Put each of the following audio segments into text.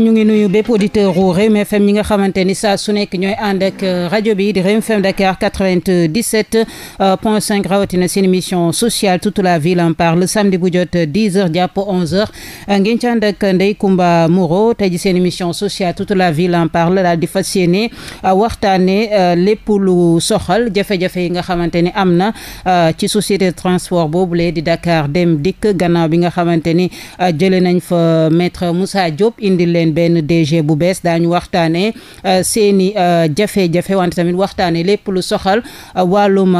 ñu ngi nuyu bépp auditeur u mais FM ñi nga xamante ni saa su nekk ñooy ànd ak euh, rajo bi di Rewmi FM Dakar 97 euh, point 5 rawatina seen émission sociale toute la ville en parle samedi bu jot 10 heures jàpp 11 heures euh, ngeen ci ànd ak Ndeye Comba Moreau tey ji seen émission sociale toute la ville en parle daal di fas yéene waxtaane lépp lu soxal jafe-jafe yi nga xamante ni am na ci société de transport boobulee di dakaar Dem Dikk gannaaw bi nga xamante ni jële nañ fa maître Moussa Diop indi benn DG bu bees daañu waxtaanee euh, seeni i euh, jafe-jafe wante tamit waxtaanee lépp lu soxal euh, wàllum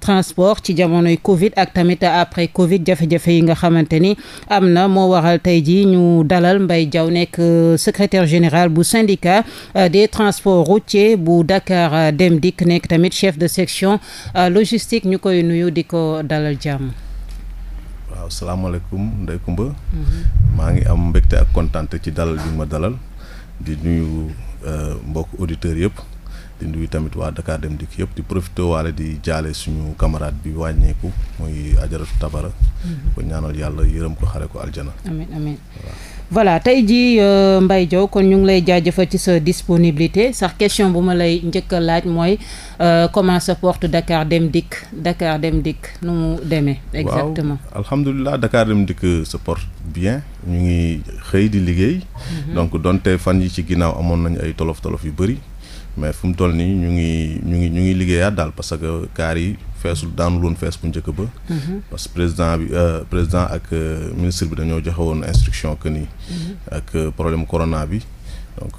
transport ci jamonoy Covid ak tamit après Covid jafe-jafe yi nga xamante ni am na moo waral tey jii ñu dalal mbay jaw nekk secretaire général bu syndicat des transports routiers bu Dakar Dem Dikk nekk tamit chef de section logistique ñu koy nuyu di ko dalal jàmm. waaw salaamaaleykum Ndeye mhm. maa ngi am mbégte ak kontante ci dalal bi ma dalal di nuyu euh, mbokk auditeurs yëpp di nuyu tamit waa Dakar Dem Dikk yëpp di profité waale di jaale suñu camarade bi wàññeeku mooy ajaratu tabara mhm. ko ñaanal yàlla yërëm ko xare ko aljana amiin amiin waaw voilà tey jii euh, Mbaye Diaw kon ñu ngi lay jaajëfal ci sa disponibilité sax question bu ma lay njëkk a laaj mooy euh, comment se porte Dakar Dem Dikk Dakar Dem Dikk nu mu demee. exactement waaw alhamdulilah Dakar Dem Dikk se porte bien ñu ngi xëy di liggéey. Mhm. donc donte fan yi ci ginnaaw amoon nañu ay tolof tolof yu bëri mais fu mu toll nii ñu ngi ñu ngi ñu ngi liggéeyaat daal parce que kaar yi. feesul daanu loon fees bu njëkk ba. Mhm. parce que président bi euh, président ak euh, ministre bi dañoo joxe woon instruction que ni. Mhm. ak euh, problème corona bi donc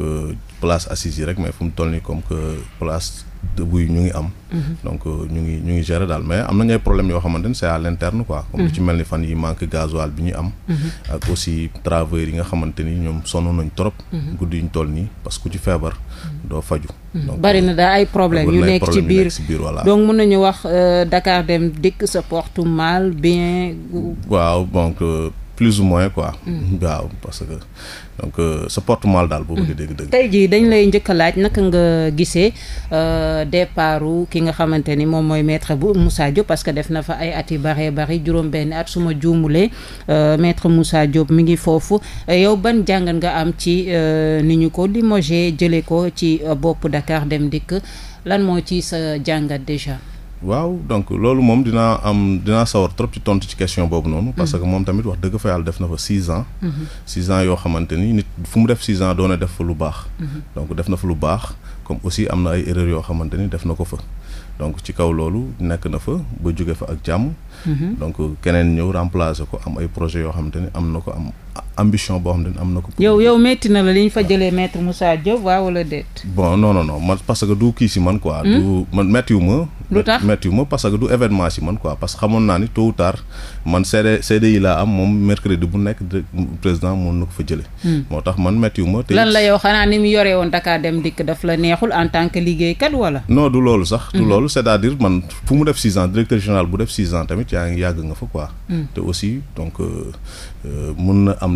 place assise yi rek mais fu mu toll nii comme que place. dëgguy ñu ngi am. Mhm. donc euh, ñu ngi ñu ngi gérer daal mais am nañu ay problèmes yoo xamante ni c'est à l'interne quoi. comme lu ci mhm. mel ni fan yi manque gasoil bi ñu am. Mhm. ak aussi travailleurs yi nga xamante ni ñoom a nañ trop. guddi yuñ toll nii parce que ku ci feebar doo faju donc daal ay problèmes yu nekk ci biir donc mën nañu wax euh, Dakar Dem Dikk se porte mal bien. waaw donc. Euh, plus ou moins quoi. Mm. waaw parce que donc euh, sa porte mal daal boobu mm. di dégg-dégg. tey jii dañ lay njëkk a laaj naka nga gisee euh, départu ki nga xamante ni moom mooy maître bu Moussa Diop parce que def na fa ay at yu bëree bëri juróom-benn at suma ma juumulee euh, maître Moussa Diop mi ngi foofu yow ban jàngat nga am ci ni ñu ko limogé jëlee ko ci bopp Dakar dem dikk lan moo ci sa jàngat déjà. waaw donc loolu moom dinaa am dinaa sawar trop ci tontu ci question boobu noonu. Mm. parce que moom tamit wax dëgg fa yàlla def na fa six ans. Mm-hmm. six ans yoo xamante ni nit fu mu def six ans doona def fa lu baax. Mm-hmm. donc def na fa lu baax comme aussi am na ay erreurs yoo xamante ni def na ko fa. donc ci kaw loolu nekk na fa ba jóge fa ak jàmm. Mm-hmm. donc keneen ñëw remplacer ko am ay projet yoo xamante ni am na ko am. ambition boo xam ne am na ko. yow yow métti na la li ñu fa jëlee maître Moussa Diop waaw wala bon non non man parce que du kii si man quoi. du hmm? man méttiwu ma. lu tax méttiwu ma parce du événement si man man CD CD yi laa am moom mercredi bu nekk président fa jëlee. Hmm. moo man méttiwu ma. te lan la yow xanaa ni mu yore woon Dakar dem dikk daf la neexul en tant que liggéeykat wala. non du loolu sax. du hmm. loolu c'est-à-dire man fu mu def six ans directeur général bu def six ans tamit yaa ngi yàgg nga fa quoi. te aussi donc euh, euh, mun na am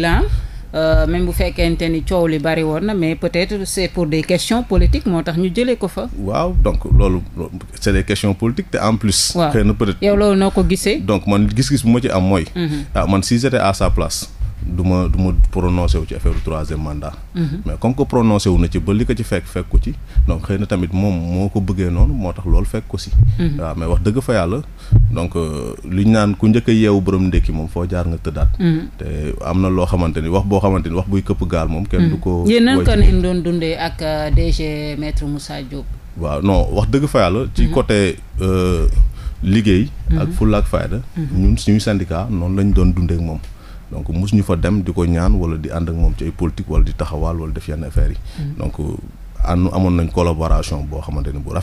bilan euh, même bu fekkente ni coow li bari woon na mais peut-être c'est pour des questions politiques moo tax ñu jëlee ko fa. waaw donc loolu c'est des questions politiques te en plus. waaw xëy na peut-être yow loolu noo ko gisee. donc man gis-gis bu ma ci am mooy. Mhm. ah man si j'étais à sa place. du ma du ma prononcé wu ci affaire troisième mandat. Mhm. mais comme que prononcé wu na ci ba li ko ci fekk fekk ko ci donc xëy na tamit moom moo ko bëggee noonu moo tax loolu fekk ko si. Mhm. waaw mais wax dëgg fa yàlla donc euh, lu ñu naan ku njëkk a yeewu borom ndékki moom foo jaar nga tëddaat. Mhm. te am na loo xamante ni wax boo xamante ni wax buy këpp gaal moom. kenn du ko yéen nan ko ngeen doon dundee ak euh, DG maître Moussa Diop. waaw non wax dëgg fa yàlla. ci côté. Euh, liggéey. ak fulla ak fayda. ñun lañ doon dundee moom. donc mus ñu fa dem di ko ñaan wala di ànd moom ci ay politique wala di taxawaal wala def yenn affaires yi. Mm. donc ànd amoon nañ collaboration boo xamante la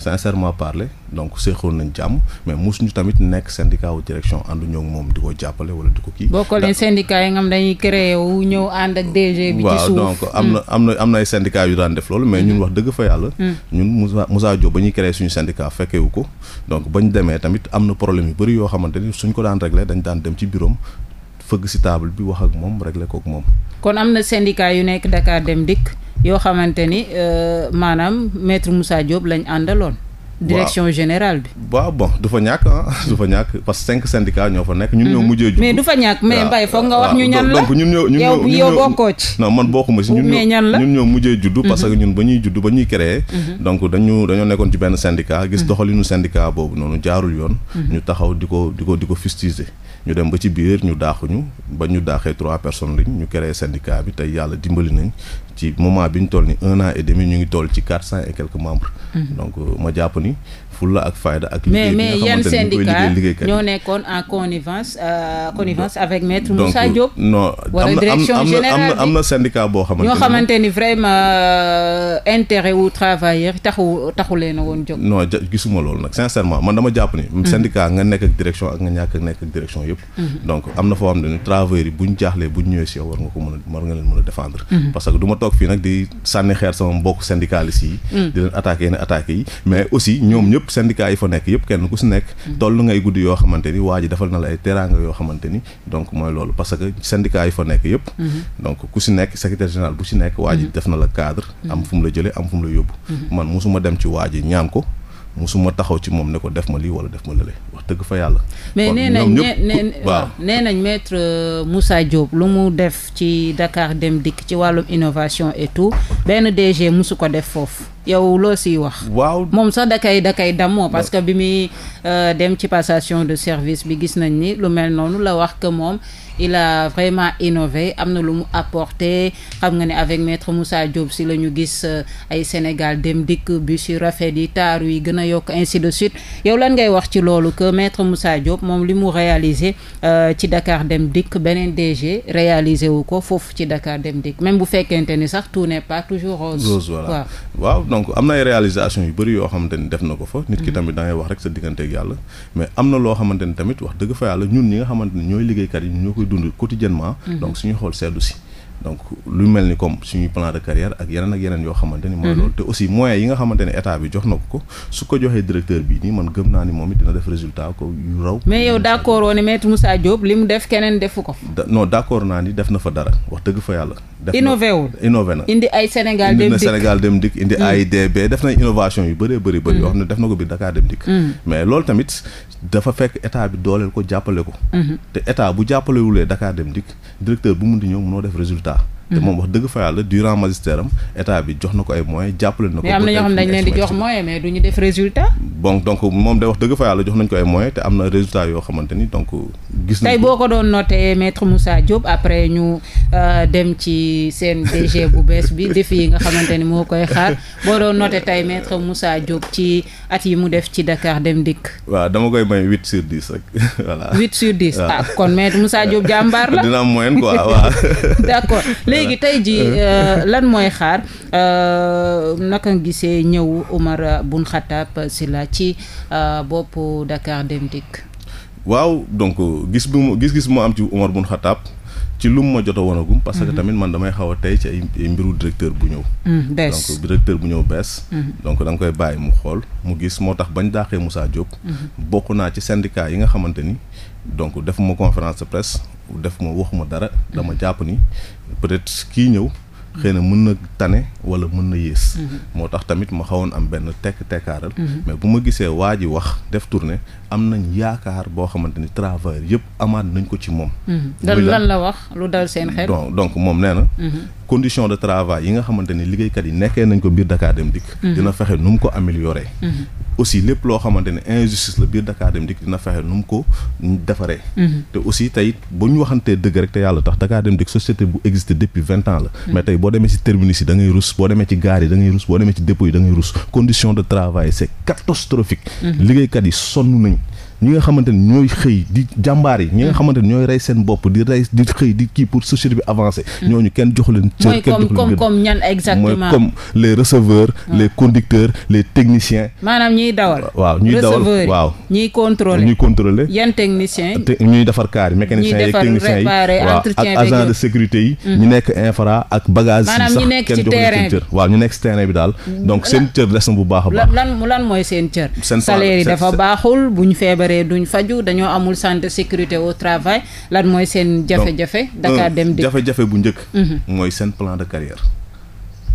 sincèrement parler donc séexoon nañ jàmm mais mus ñu nekk syndicat wu direction ànduñoo ak moom di ko di ko kii. boo ko leen syndicat yi nga xam dañuy créé wu donc mm. na am na am na ay ñun mm. wax dëgg fa yàlla. ñun Moussa Moussa Diop ba ñuy créé suñu ko donc bañ demee tamit am na problème yu bëri yoo xamante ni suñ ko daan réglé dañ daan dem ci bureau fëgg si table bi wax ak moom réglé kook moom. kon am na syndicat yu nekk Dakar Dem Dikk yoo xamante ni euh, maanaam maître Moussa Diop lañ àndaloon. direction générale bi. waaw bon du fa ñàkk ah du fa ñàkk parce que cinq syndicats ñoo fa nekk. ñun ñoo mhm. mujjee jug mais du fa ñàkk mais Mbaye foog nga wax ñu ñan la. donc ñun ñoo ñun ñoo yow bokkoo ci. non man bokkuma si ñun ñoo ñun ñoo mujjee juddu. Mhm. parce que ñun ba ñuy juddu ba ñuy créer. Mhm. donc dañu dañoo nekkoon ci benn syndicat. gis doxalinu syndicat boobu noonu jaarul yoon. ñu taxaw di ko di ko di ko fustiger. ñu dem ba ci biir ñu daaxuñu ba ñu daaxee trois personnes lañ ñu créer syndicat bi tey yàlla dimbali nañ ci moment bi ñu toll ni un an et demi ñu ngi toll ci quatre cent et quelques membres. Mm-hmm. donc euh, ma jàpp ni fulla ak fayda ak. liggéey mais mais yan syndicat ñoo nekkoon a connivence euh, connivence avec maître Moussa Diop. non wala direction générale am na syndicat boo xamante ni vraiment euh, intérêt wu travailleur taxu taxu leen a woon jóg. non gisuma loolu nag sincèrement man dama jàpp ni. Mm-hmm. syndicat nga nekk ak direction ak nga ñàkk ak direction yëpp. Mm-hmm. donc am na foo xam ne travailleurs yi bu jaaxlee bu ñu ñëwee si yow war nga ko mën a war nga leen mën a défendre. Mm-hmm. parce que du ma toog fii nag di sànni xeer sama mbokk syndicalistes yi. Mm. di syndicat yi fa nekk yëpp kenn ku si nekk mhm. toll ngay guddi yoo xamante ni waa ji defal na la ay teraanga yoo xamante ni donc mooy loolu parce que syndicat yi fa nekk yëpp mhm. donc ku si nekk secrétaire général bu si nekk waa ji mhm. def na la cadre am fu mu la jële am fu mu la yóbbu man musuma dem ci waa ji ñaan ko musuma taxaw ci moom ne ko def ma lii wala def ma lële wax dëgg fa yàlla. mais nee nañ waaw nee nañ maître euh, Moussa Diop lu mu def ci Dakar dem dikk ci wàllum innovation et tout benn DG musu ko def foofu yow loo siy wax. waaw moom sax dakay dakay dammoo parce que bi muy euh, dem ci passation de service bi gis nañ ni lu mel noonu la wax que moom. il a vraiment innové am na lu mu apporté xam nga ne avec maître Moussa Diop si la ñu gis euh, ay Sénégal dem dikk bus yu rafet yi taaru yi gën a yokk ainsi de suite yow lan ngay wax ci loolu que maître Moussa Diop moom li mu réalisé euh, ci Dakar dem dikk beneen DG réalisé wu ko foofu ci Dakar dem dikk même bu fekkente ni sax tout n'est pas toujours rose. rose waaw donc am na ay réalisations yu bëri yoo xamante ni def na ko fa. nit ki mm-hmm. tamit da ngay wax rek sa digganteeg yàlla am na loo xamante ni wax dëgg fa ñun ñi nga xamante ni ñooy liggéeykat yi dund quotidiennement su mm-hmm. suñu xool seddu si donc lu mel ni comme suñuy plan de carrière ak yeneen ak yeneen yoo xamante ni mooy mhm. loolu te aussi moyens yi nga xamante ne état bi jox na ko ko su ko joxee directeur bi nii man gëm naa ni moom it dina def résultat ko yu raw mais yow d'accord woon ne maître Moussa Diop li mu def keneen defu ko non d'accord naa ni def na fa dara wax dëgg fa yàlla def innové wul innové na indi ay Sénégal dem dikk Sénégal dem dikk indi mm. def na innovation yu bëree bëri bëri mm. yoo ko biir Dakar mm. ko mm-hmm. bu jàppalewulee Dakar dem dikk directeur ajudar. te mhm. moom wax dëgg fa yàlla durant magistère am état bi jox na ko ay moyens jàppale na ko. am na ñoo xam dañ leen di jox moyen mais du ñu def résultat. bon donc moom day wax dëgg fa yàlla jox nañ ko ay moyens te am na résultat yoo xamante ni donc. gis nañ tey boo ko doon noté maître Moussa Diop après ñu euh, dem ci seen DG bu bees bi défi yi nga xamante ni moo koy xaar boo doon notee tey maître Moussa Diop ci at yi mu def ci Dakar dem dikk. waaw dama koy may huit sur dix rek voilà. huit sur dix ah, kon maître Moussa Diop jàmbaar la. dina am léegi tey ji euh. euh, lan mooy xaar euh, naka gisee ñëw Oumar Boun Khattab Sylla ci bopp Dakar Dem Dikk waaw donc gis bu gis-gis bu am ci Oumar Boun Khattab ci lu lum ma jot a parce que mhm. tamit man damay xaw a tey ci ay mbiru directeur bu ñëw mm, donc directeur bu ñëw bees mm. donc danga koy bàyyi mu xool mu gis moo tax bañ daaxee Moussa Diop mm-hmm. bokk naa ci syndicat yi nga xamante ni donc defuma conférence de presse defuma waxuma dara dama mm-hmm. jàpp ni peut-être kii ñëw xëy na mën na tane wala mën na yées. Mm-hmm. moo tax tamit ma xawoon am benn tekk tekkaaral. Mm-hmm. mais bu ma gisee waa ji wax def tournée am nañ yaakaar boo xamante ni travail yëpp amaat nañ ko ci moom. Mm-hmm. muy lan la wax lu dal seen xel. donc donc moom nee na. condition da travail yi nga xamante ni liggéeykat yi nekkee nañ ko biir Dakar Dem Dikk. dina fexe nu mu ko améliorer. aussi lépp loo xamante ne injustice la biir Dakar Dem Dikk dina fexe nu mu ko defaree. te aussi tey bu ñu waxantee dëgg rek te yàlla boo demee si terminus yi da ngay boo demee ci gaar yi da ngay boo demee ci dépôt yi da ngay condition de travail c'est catastrophique mm-hmm. liggéeykat yi sonn nañ ñi nga xamante ni ñooy xëy di jàmbaar yi ñi nga mm. xamante ni ñooy rey seen bopp di rey di xëy di kii pour société bi avancer. Mm. ñooñu kenn joxu cër mooy comme comme ñan exactement les receveurs. Mm. les conducteurs les techniciens. maanaam ñiy dawal. waaw ñuy dawal waaw ñiy contrôler ñuy contrôler. yan techniciens yi ñuy defar kaar yi mécaniciens yi techniciens yi ak agent sécurité yi. Mm-hmm. ñu nekk infra ak bagage. yi sax kenn joxu leen cër waaw ñu nekk ci terrain bi daal. donc seen cër des bu baax ba baax. lan lan mooy seen cër. seen salaire dafa baaxul feebaree duñ faju dañoo amul centre sécurité au travail lan mooy seen jafe-jafe Dakar dem dikk jafe-jafe bu njëkk mhm. mooy seen plan de carrière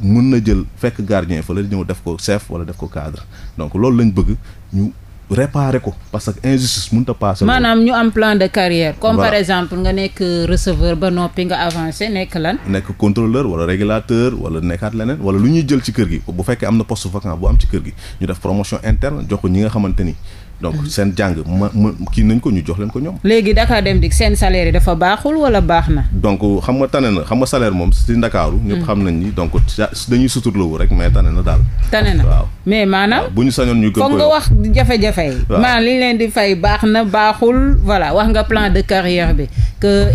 mun na jël fekk gardien fa la ñëw def ko chef wala def ko cadre donc loolu lañ bëgg ñu réparer ko parce que injustice mënut a maanaam ñu am plan de carrière. comme voilà. par exemple nga nekk receveur ba noppi nga avancé nekk lan. nekk contrôleur wala régulateur wala nekkaat leneen wala lu ñuy jël ci kër gi bu fekkee am na poste vacant bu am ci kër gi ñu def promotion interne jox ko ñi nga xamante ni. donc seen jàng ma ma kii nañ ko ñu jox leen ko ñoom. léegi Dakar Dem di seen salaire yi dafa baaxul wala baax na. donc xam nga tane na xam nga salaire moom si Ndakaaru. Mm. ñëpp xam nañ ni donc dañuy suturloowu rek mais tane na daal. tane na waaw mais maanaam. bu ñu sañoon ñu gën foog nga wax jafe-jafe li leen di fay baax na baaxul voilà wax nga plan de carrière bi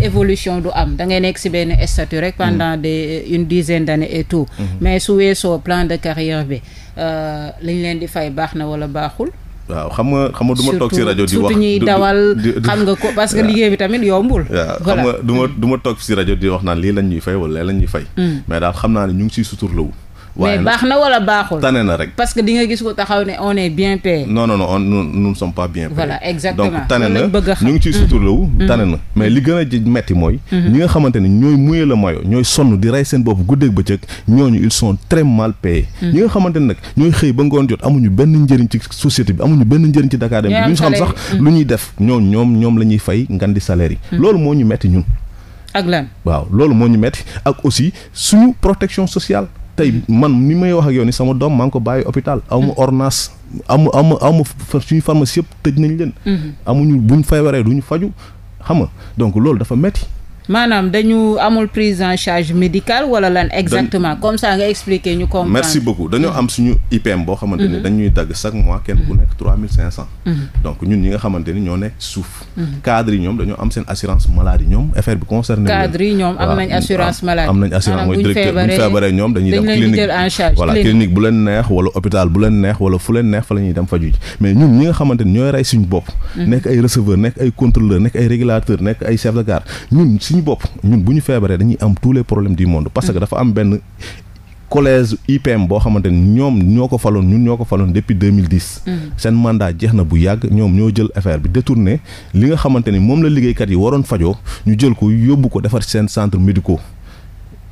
évolution du am da ngay nekk si benn statut rek. Mm. des une dizaine d' et tout. Mm-hmm. mais su weesoo plan de carrière bi euh, li ñu leen di fay baax na wala baaxul. waaw xam nga xam nga duma toog si rajo di wax surtout ñuy dawal nga ko parce que liggéey bi tamit yombul. voilà xam nga du ma mm. du toog si rajo di wax naan lii lañ ñuy fay wala lii lañ ñuy fay. Mm. mais daal xam naa ne ñu ngi siy suturlawu. mais baax na wala baaxul tane na rek parce que di nga gis ko taxaw ne on non non non on nous nous ne sommes pas bien payés voilà donc tane na ñu ngi ciy mm-hmm. suturlawu mm-hmm. tane na mais li gën a ji metti mooy mm-hmm. ñi nga xamante ne ñooy muyee la mayo ñooy sonn di rey seen bopp guddeeg bëccëg ñooñu ils sont très mal payés ñi nga xamante nag ñooy xëy ba ngoon jot amuñu benn njëriñ ci société bi amuñu benn njëriñ ci Dakar dem bi ñu xam sax lu ñuy def ñoo ñoom ñoom la ñuy fay ngan di salaire yi loolu moo ñu metti ñun ak lan waaw loolu moo ñu metti ak aussi suñu protection sociale tey man ni may wax ak yow ni sama doom maa ngi ko bàyyi hôpital amu mm. ordonnance amu amu amu suñu pharmacie yëpp tëj nañ leen mm-hmm. amuñu buñ feebaree duñu faju xam nga donc loolu dafa metti maanaam dañu amul prise en charge médicale wala lan exactement comme ça nga expliquer ñu comprendre merci beaucoup dañoo am suñu IPM boo xamante ni mhm. dañuy dagg chaque mois kenn ku nekk trois mille cinq cent mhm. donc ñun ñi nga xamante ni ñoo nekk mhm. seen assurance maladie ñoom affaire bi concerné cadre yi ñoom am nañ assurance maladie am nañ assurance mooy directeur bu ñu feebaree ñoom dañuy la ñuy dem faju ji mais ñun ñi nga xamante ni ñooy rey suñu ay receveur nekk ay contrôleur nekk ay régulateur nekk ay chef de garde ñun suñu bopp ñun bu ñu feebaree dañuy am tous les problèmes monde parce que mm. dafa am benn collège IPM boo xamante ni ñoom ñoo ko faloon ñun ñoo ko faloon depuis 2010. Mm. seen mandat jeex na bu yàgg ñoom ñoo jël affaire bi détourné li nga xamante ni moom la liggéeykat yi waroon fajoo ñu jël ko yóbbu ko defar seen centre médicaux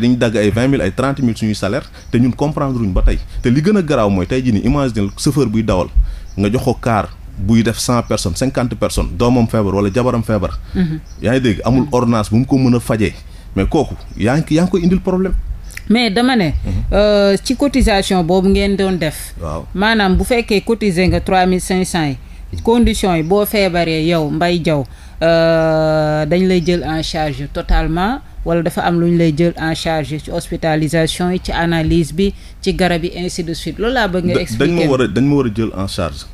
yi dañu dagg ay vingt mille ay trente mille suñuy salaire te ñun comprendre uñ ba tey te li gën a garaaw mooy tey jii nii imagine chauffeur buy dawal nga jox ko kaar buy def cent personnes doomam feebar wala jabaram feebar. Mm-hmm. yaa ngi dégg amul ordonnance bu mu ko mën a fajee mais kooku yaa ngi yaa ngi koy indil problème. mais dama ne. Mm-hmm. Euh, ci cotisation boobu ngeen doon def. waaw maanaam bu fekkee cotiser nga trois mille cinq cent yi. Mm-hmm. conditions yi boo feebaree yow Mbaye Diaw euh, dañ lay jël en charge wala dafa am lu ñu lay jël en charge ci hospitalisation yi ci analyse bi ci garab yi ainsi de suite loolu laa bëgg nga expliquer dañ ma war a dañ ma war a jël en charge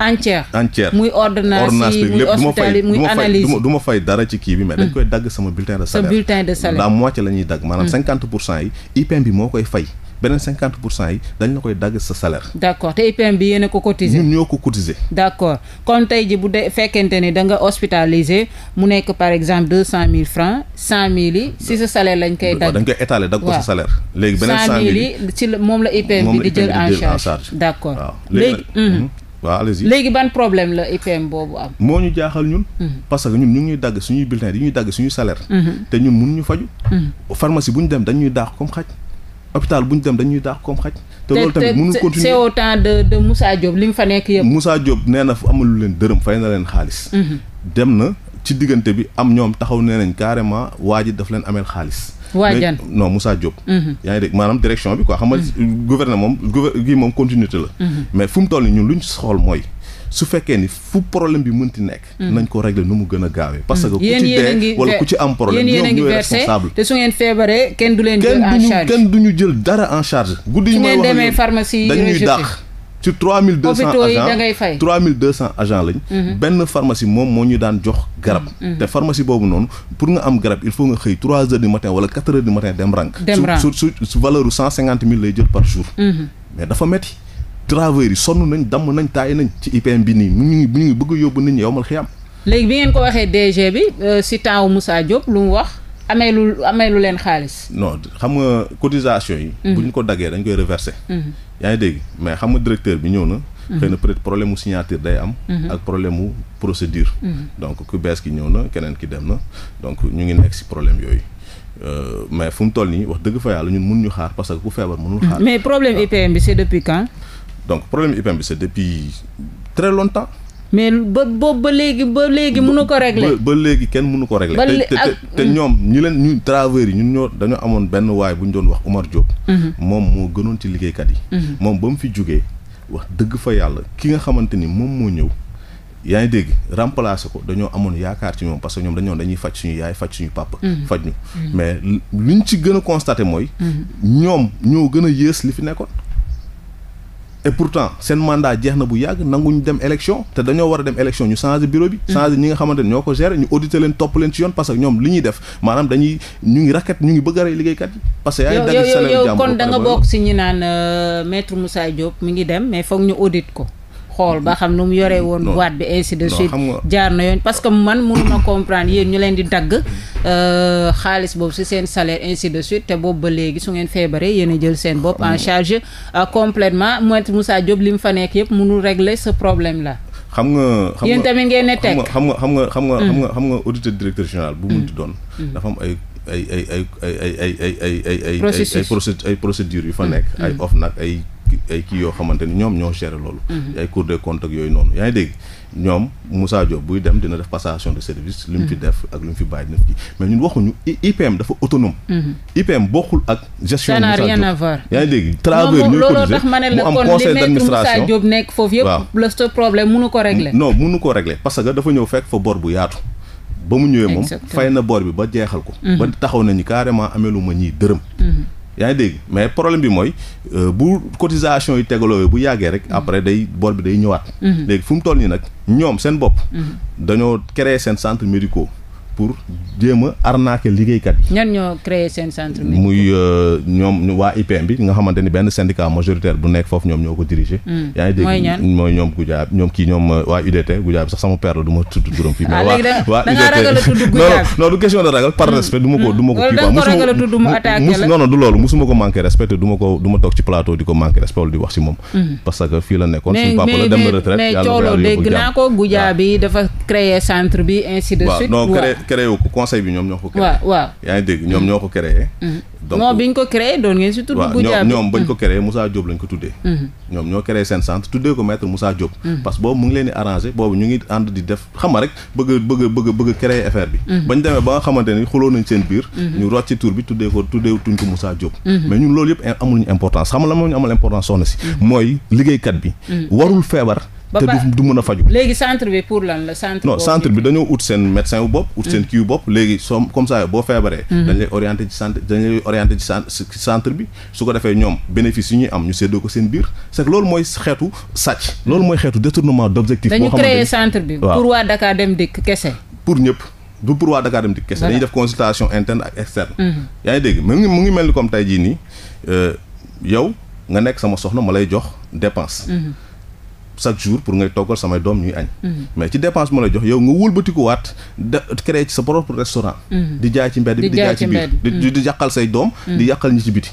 entière muy ordonnance yi muy hôpital muy analyse du ma fay dara ci kii bi mais dañ hmm. koy dagg sama bulletin de salaire sa bulletin de salaire la moitié la ñuy dagg maanaam hmm. pour cent yi IPM bi moo koy fay beneen cinquante pour cent yi dañ la koy dagg sa salaire. d' accord te IPM bi yéen ko cotiser. ñun ñoo ko cotiser. d' accord kon ji bu dee fekkente ni da hospitalisé mu nekk par exemple deux cent mille francs cent mille yi si sa salaire lañ koy. dagg dañ koy étaler dagg ko sa salaire. léegi beneen cent mille yi ci moom la IPM bi di jël en charge d' accord léegi. Mhm. Mhm. waaw allez-y léegi ban problème la IPM boobu am. moo ñu jaaxal ñun. Mhm. parce que ñun ñu ngi ñuy dagg suñuy bulletin yi ñuy dagg suñuy salaire. hôpital bu ñu dem dañuy daax comme xaj. te loolu tamit c'est au temps de de Moussa li mu fa nekk yëpp. Moussa Diop nee na amalu leen dërëm fay na leen xaalis. Mhm. dem na ci diggante bi am ñoom taxaw nee nañ carrément waa ji daf leen ameel xaalis. waajan non musaa Diop. Mhm. yaa ngi dégg maanaam direction bi quoi xam nga mhm. gouvernement gii moom continuité la. mais fu mu toll nii ñun luñ xool mooy. su fekkee ni fu problème bi mënti nekk. Mm. nañ ko régler nu mu gën a gaawee. parce que mm. ku ci dee wala ku ci am problème ñoom ñooy kenn du du ñu jël dara en charge. guddi ñu may wax demee pharmacie dañuy dàq. ci trois mille deux cent agents mille deux cent agents lañ. Mhm. benn pharmacie moom moo ñu daan jox garab. Mhm. Mhm. te pharmacie boobu noonu pour nga am garab il faut nga xëy trois heures du matin wala quatre heures du matin dem rànk. dem rànk su su su valeur cent cinquante mille lay jël par jour. mais dafa metti travailleurs yi sonn nañ damm nañ taay nañ ci IPM bi nii mu ñu ngi ñu ngi bëgg a yóbbu nit ñi yow mal xiyam. ko waxee DG bi euh, si temps Moussa Diop lu mu wax mhm. mhm. bi ñëw na. Mhm. xëy na peut-être problème mu signature day am. ak problème mu na keneen ñu ngi nekk ci problème yooyu. Euh, mais fu mu toll nii wax dëgg fa yàlla ñun mun xaar parce que ku feebar mënul xaar. mais problème ah. IPM bi c'est depuis quand. donc problème IPM bi c'est depuis très longtemps. mais ba boobu ba léegi ba léegi a ko régler. ba léegi kenn mënu ko régler. te te ñoom ñi leen ñu travailleurs yi ñun ñoo dañoo amoon benn waay bu ñu doon wax Omar Diop. Mhm. moom moo gënoon ci liggéeykat yi. Mhm. moom ba mu fi jógee wax dëgg fa yàlla ki nga xamante ni moom moo ñëw. yaa ngi dégg remplacer ko dañoo amoon yaakaar ci ñoom parce que ñoom dañoo dañuy faj suñu yaay faj suñu papa. Mhm. faj ñu ci gën constaté mooy. ñoom ñoo gën a li fi nekkoon. et pourtant seen mandat jeex na bu yàgg nanguñ dem élection te dañoo war a dem élection ñu changer bureau bi mm-hmm. changer ñi nga xamante ne ñoo ko gérer ñu auditer leen topp leen ci yoon parce que ñoom li ñuy def maanaam dañuy ñu ngi racket ñu ngi bëgg a rey liggéeykat yi parce que yaay dagg salaire jàmbur kon da bokk si ñu naan euh, maître Moussa Diop mi ngi dem mais foog ñu audit ko xool ba xam nu mu yoree woon boîte bi ainsi de suite jaar na yoon parce que man mënuma comprendre yéen ñu leen di dagg xaalis boobu si seen salaire ainsi de suite te boobu ba léegi su ngeen feebaree yéen jël seen bopp en charge complètement Maître musaa Diop li mu fa nekk yëpp mënul régler ce problème la xam nga xam nga yéen tamit ngeen ne teg xam nga xam nga xam nga xam nga xam nga auditeur directeur général bu munti doon dafa am ay ay ay ay ay ay ay ay yu fa nekk ay OFNAC ay ay kii yoo xamante ni ñoom ñoo gérer loolu mhm. ay cour des comptes ak yooyu noonu yaa ngi dégg ñoom Moussa Diop buy dem dina def passation de service li mu fi mhm. def ak li mu fi bàyyi dina fi mais ñun waxuñu IPM dafa autonome IPM mhm. nekk foofu yëpp le seul problème mënu ko régler non mënu ko régler parce dafa ñëw fekk fa bor bu yaatu ba mu ñëwee moom fay na bor bi ba jeexal ko ba taxaw nañu carrément ameelu ma ñiy dërëm yaa ngi dégg mais problème bi mooy euh, bu cotisation yi tegaloo bu yàggee rek mm-hmm. après day bor bi day ñëwaat mm-hmm. léegi fu mu toll nii nag ñoom seen bopp mm-hmm. dañoo créer seen centre médicaux pour jéem a arnaquer liggéeykat yi. ñan ñoo créé seen centre bi. muy euh, ñoom waa IPM bi nga xamante ni benn syndicat majoritaire bu nekk foofu ñoom ñoo ko diriger. Hmm. yaa ngi dégg mooy ñoom Goudiaby ñoom kii ñoom euh, du ma tudd turam fii. ah léegi da a loolu musuma ko manqué respect te ko du ma ci plateau di ko manqué respect di wax si moom. Hmm. parce que fii la nekkoon suñu mais mais mais coolo dégg naa ko Goudiaby dafa créé centre bi ainsi de suite. waaw non créé wu ko conseil bi ñoom ñoo ko créé waaw yaa ngi dégg ñoom ñoo ko créé mm-hmm. donc bi ñu ko créé doon ngeen si tudd. bu jaabi ñoom ba ñu ko hmm. créé Moussa Diop lañ ko tuddee. Hmm. ñoom ñoo créé seen centre tuddee ko maître Moussa Diop. mais ñun loolu yëpp amul ñu importance xam la moom ñu amal importance soxna si. Hmm. mooy liggéeykat bi. warul feebar. te du mën a faju léegi centre bi pour lan la centre bi dañoo ut seen médecin wu bopp ut seen kii bopp léegi soom comme ça boo feebaree dañ lay orienté ci centre dañ orienté ci centre bi su ko defee ñoom bénéfice yi ñuy am ñu séddoo ko seen biir c'est que loolu mooy xeetu sàcc loolu mooy xeetu détournement d'objectif dañu créé centre bi pour waa Dakar dem dikk kese pour ñëpp du pour waa Dakar dem dikk kese dañuy def consultation interne ak externe mhm. yaa ngi dégg mu ngi mel ni comme tey jii nii euh, yow nga nekk sama soxna ma lay jox dépense mhm. chaque jour pour ngay toggal samay doom ñuy añ mhm. mais ci dépense bi ma lay jox yow nga wëlbatiku waat de créer ci sa propre restaurant mhm. di jaay ci mbedd bi di jaay ci biir di di mhm. yàqal say doom di yàqal ñi ci biti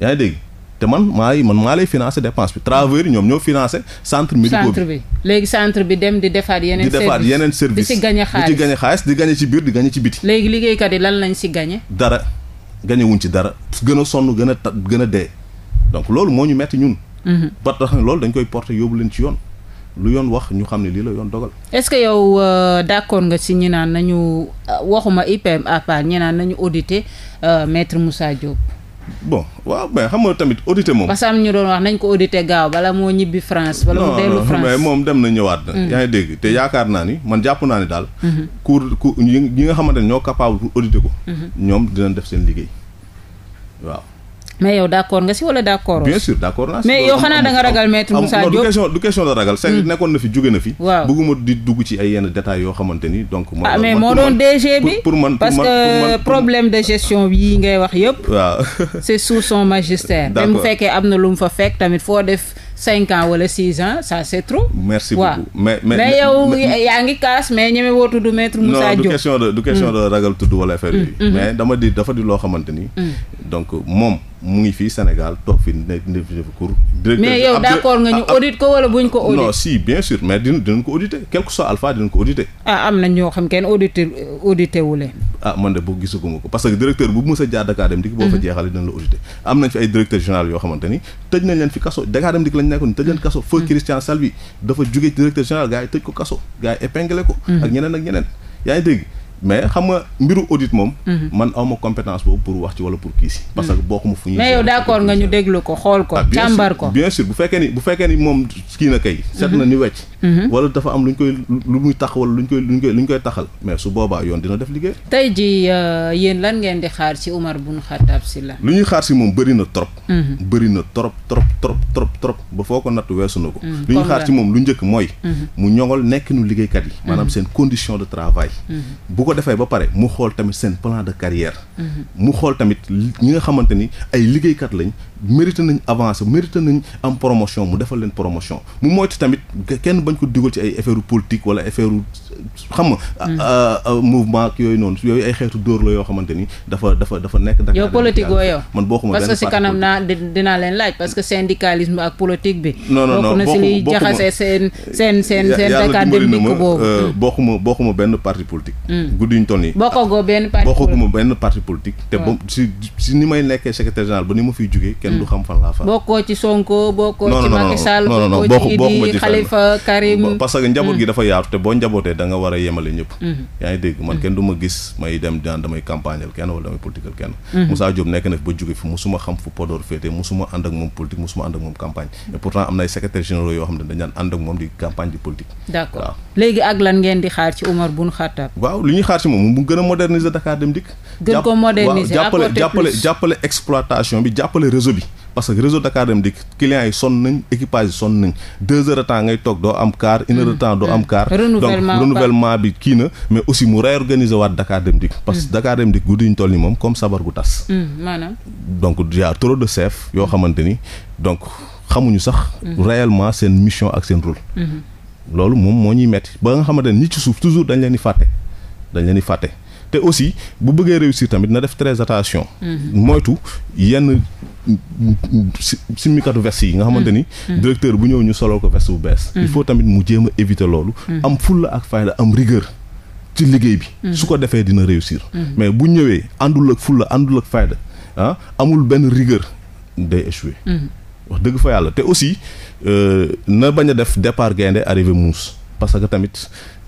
yaa ngi te man maay man maa lay financé dépense bi travailleurs ñoom ñoo financé centre médico bi léegi centre bi dem di defaat yeneen. service di defaat yeneen service di ci gagné xaalis di ci gagné xaalis di gagné ci biir di gagné ci biti. léegi liggéeykat yi lan lañ si gagné. dara gagné ci dara gën a sonn gën a ta gën a dee donc loolu moo ñu metti ñun. Mhm. ba tax loolu dañ koy porter yóbbu leen ci yoon lu yoon wax ñu xam ne lii la yoon dogal. est-ce que yow euh, d'accord nga ci ñi naan nañu euh, waxuma IPM à part ñi nañu auditer metre euh, maître Moussa Diop. bon waaw mais xam nga tamit auditer moom. parce que am ñu doon wax nañ ko auditer gaaw bala moo ñibbi France. bala mu dellu France moom dem na ñëwaat na. Mm. yaa ngi dégg te yaakaar naa ni man jàpp naa ni daal. Mm-hmm. cour cour ñi nga xamante ne ñoo capable pour ko. Mm-hmm. ñoom dinañ def seen liggéey waaw. mais yow d' accord nga si wala d' accord. bien sûr d' accord naa si mais yow xanaa da nga ragal maître Moussa Diop du du question la ragal. c' hmm. nekkoon na fi jóge na fi. waaw bëgguma di dugg ci ay yenn détails yoo xamante ni donc. Ah, moo ah moo doon DG bi pour man parce que problème de gestion yi ngay wax yëpp. waaw c' est sous son magistère. d' accord am na lu mu fa fekk tamit foo def. cinq wala six ans ça c'est trop. merci ouais. beaucoup mais mais mais mais ñeme woo tudd maître Moussa Diop. Hmm. Hmm. mais dama di dafa di loo xamante ni. donc moom mu ngi fii Sénégal toog fi ne ne cour directeur mais yow d'accord mais dina dinañ ko audité ah, xam kenn audité audité wu leen ah man boo que directeur bu mës a jaar Dakar dem dikk boo fa mhm. jeexale dinañ la audité am nañ fi ay directeur général yoo xamante ni tëj nañ leen fi kaso Dakar dem dikk lañ nekkoon tëj leen kaso feu mhm. Christian Salvi dafa jóge directeur général gars tëj ko kaso gars yi ko mhm. ak ñeneen ak ñeneen yaa dégg mais xam nga mbiru audit moom. Mhm. man awma compétence boobu pour wax ci wala pour kii si. Mhm. parce que bokkuma fu ñuy. mais ñu déglu ko xool ko. Ah, càmbar ko bien sûr bu fekkee ni bu fekkee ni moom kii na kay. set na mhm. ni wecc. wala dafa am lu ñu koy lu muy tax wala lu ñu koy lu lu ñu koy taxal mais su boobaa yoon dina def liggéey. tey jii euh, yéen lan ngeen di xaar si Umar bun Xattaab si la. lu ñuy xaar si moom bëri na trop. bëri na trop trop trop trop trop ba foo ko natt weesu na ko. lu ñuy xaar si moom lu njëkk mooy. mu ñoŋol nekk nu liggéeykat yi. maanaam seen condition de travail. bu ko defee ba pare mu xool tamit seen plan de carrière mm-hmm. mu xool tamit ñi nga xamante ni ay liggéeykat lañ mérité nañ avancé mérité nañ am promotion mu defal leen promotion mu moytu tamit kenn bañ ko dugal ci ay affaire politique wala affaire xam hmm. mouvement ak yooyu noonu yooyu ay xeetu dóor la yoo xamante ni dafa dafa dafa nekk. Dakar yow politique woo yow man bokkuma benn parce que si kanam naa dinaa leen laaj parce que syndicalisme ak politique bi. non non non bokk na si liy jaxase seen seen seen seen. Dakar Dem Dikk boobu euh, bokkuma bokkuma benn parti politique. Hmm. guddi ñu toll nii. bokkagoo benn parti politique bokkaguma benn parti politique. te hmm. ba si si ni may nekkee secrétaire général ba ma fiy kenn du xam fan laa far. bokkoo ci Sonko bokkoo ci Macky Sall bokkoo ci Idi Khalifa Karim parce que njaboot gi mm. dafa yaatu te boo njabootee da war a yemale ñëpp mm. yaa ngi dégg man mm. kenn du gis may dem damay campagnal kenn wala damay politiqueal kenn Moussa Diop nekk na fi ba jóge fi musuma xam fu Podor féete musuma ànd ak moom politique musuma ànd ak moom campagne mais pourtant am na ay secrétaire yoo xam ne dañ daan ànd ak moom di campagne di politique d'accord léegi ak lan a bi parce que réseau Dakar Dem Dikk clients yi sonn nañ équipage yi sonn nañ deux heures temps ngay toog doo am car une heure de temps doo am mm. car renouvellement bi kii na mais aussi mu réorganiser waat Dakar Dem Dikk parce que mm. Dakar Dem Dikk guddi ñu toll ni moom comme sabar gu tas mm, donc y a trop de chefs yoo xamante ni donc xamuñu sax réellement seen mission ak seen rôle mm-hmm. loolu moom moo ñuy metti ba nga xamante ni ñi ci suuf toujours dañ leen fàtte dañ leen te aussi bu bëggee réussir tamit na def très attention. Mhm. moytu yenn simmikatu veste yi nga xamante ni. Mhm. Mhm. directeur bu ñëw ñu soloo ko veste bu bees. il faut tamit mu jéem a éviter loolu. am fulla ak fayda am rigueur. ci liggéey bi. su ko defee dina réussir. mais bu ñëwee àndul ak fulla àndul ak fayda ah amul benn rigueur day échouer. wax dëgg fa yàlla te aussi euh, na bañ a def départ gaynde arrivé muus. parce que tamit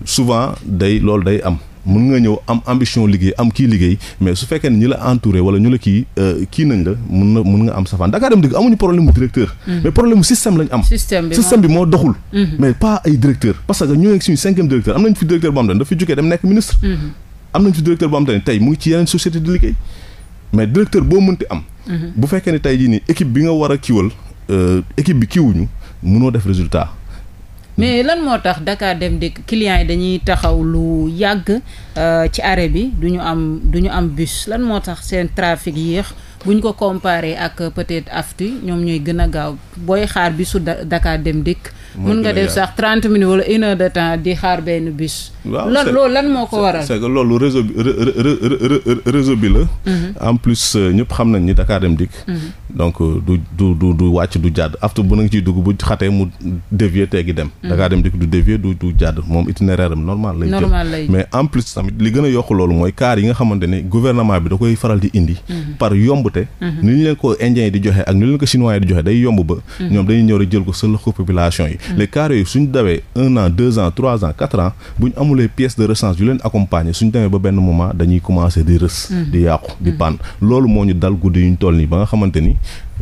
souvent day loolu day am mën nga ñëw am ambition liggéey am kii liggéey mais su fekkee ne ñi la entouré wala ñu la kii euh, kii nañ la mun na nga am safaan Dakar Dem Dikk amuñu problème mu directeur. Mm. mais problème système lañ am. système bi moo doxul. Mm-hmm. mais pas ay directeur parce que ñoo ngi suñu cinquième directeur am nañ fi directeur boo xam ne dafa jógee dem nekk ministre. Mm-hmm. am nañ fi directeur boo xam ne tey mu ngi ci yeneen société di mais lan moo tax Dakar Dem Dikk clients yi dañuy taxaw lu yàgg euh, ci arrêt bi du ñu am duñu am bus lan moo tax seen trafic yéex bu ñu ko comparer ak peut-être aftu ñoom ñooy gën a gaaw booy xaar bisu Dakar Dem Dikk mun nga def sax trente minutes wala une heure de temps di xaar benn bus. waaw lan loolu lan moo ko waral. c'est loolu réseau bi bi la. Mhm. en plus euh, ñëpp xam nañ ni dakaa Dem Dikk. Mhm. donc euh, du du du du wàcc du jàdd aftu bu na nga ciy dugg bu xatee mu dévier teegi dem. Mhm. Dakar Dem Dikk du dévier du du jàdd moom itinéraire am lay jël mais en plus tamit li gën a yokk loolu mooy kaar yi nga xamante ne gouvernement bi da koy faral di indi. par yombute. ni ñu leen ko indien yi di joxe ak ni leen ko chinois yi di joxe day yomb ba. ñoom dañuy ñëw jël ko sël ko yi. les cadres yooyu suñ dawee un an deux ans trois quatre ans bu ñu amulee pièce de rechange yu leen accompagner suñ demee ba benn moment dañuy commencer di rës mm. di yàqu di panne loolu moo ñu dal guddi yuñ toll nii ba nga xamante ni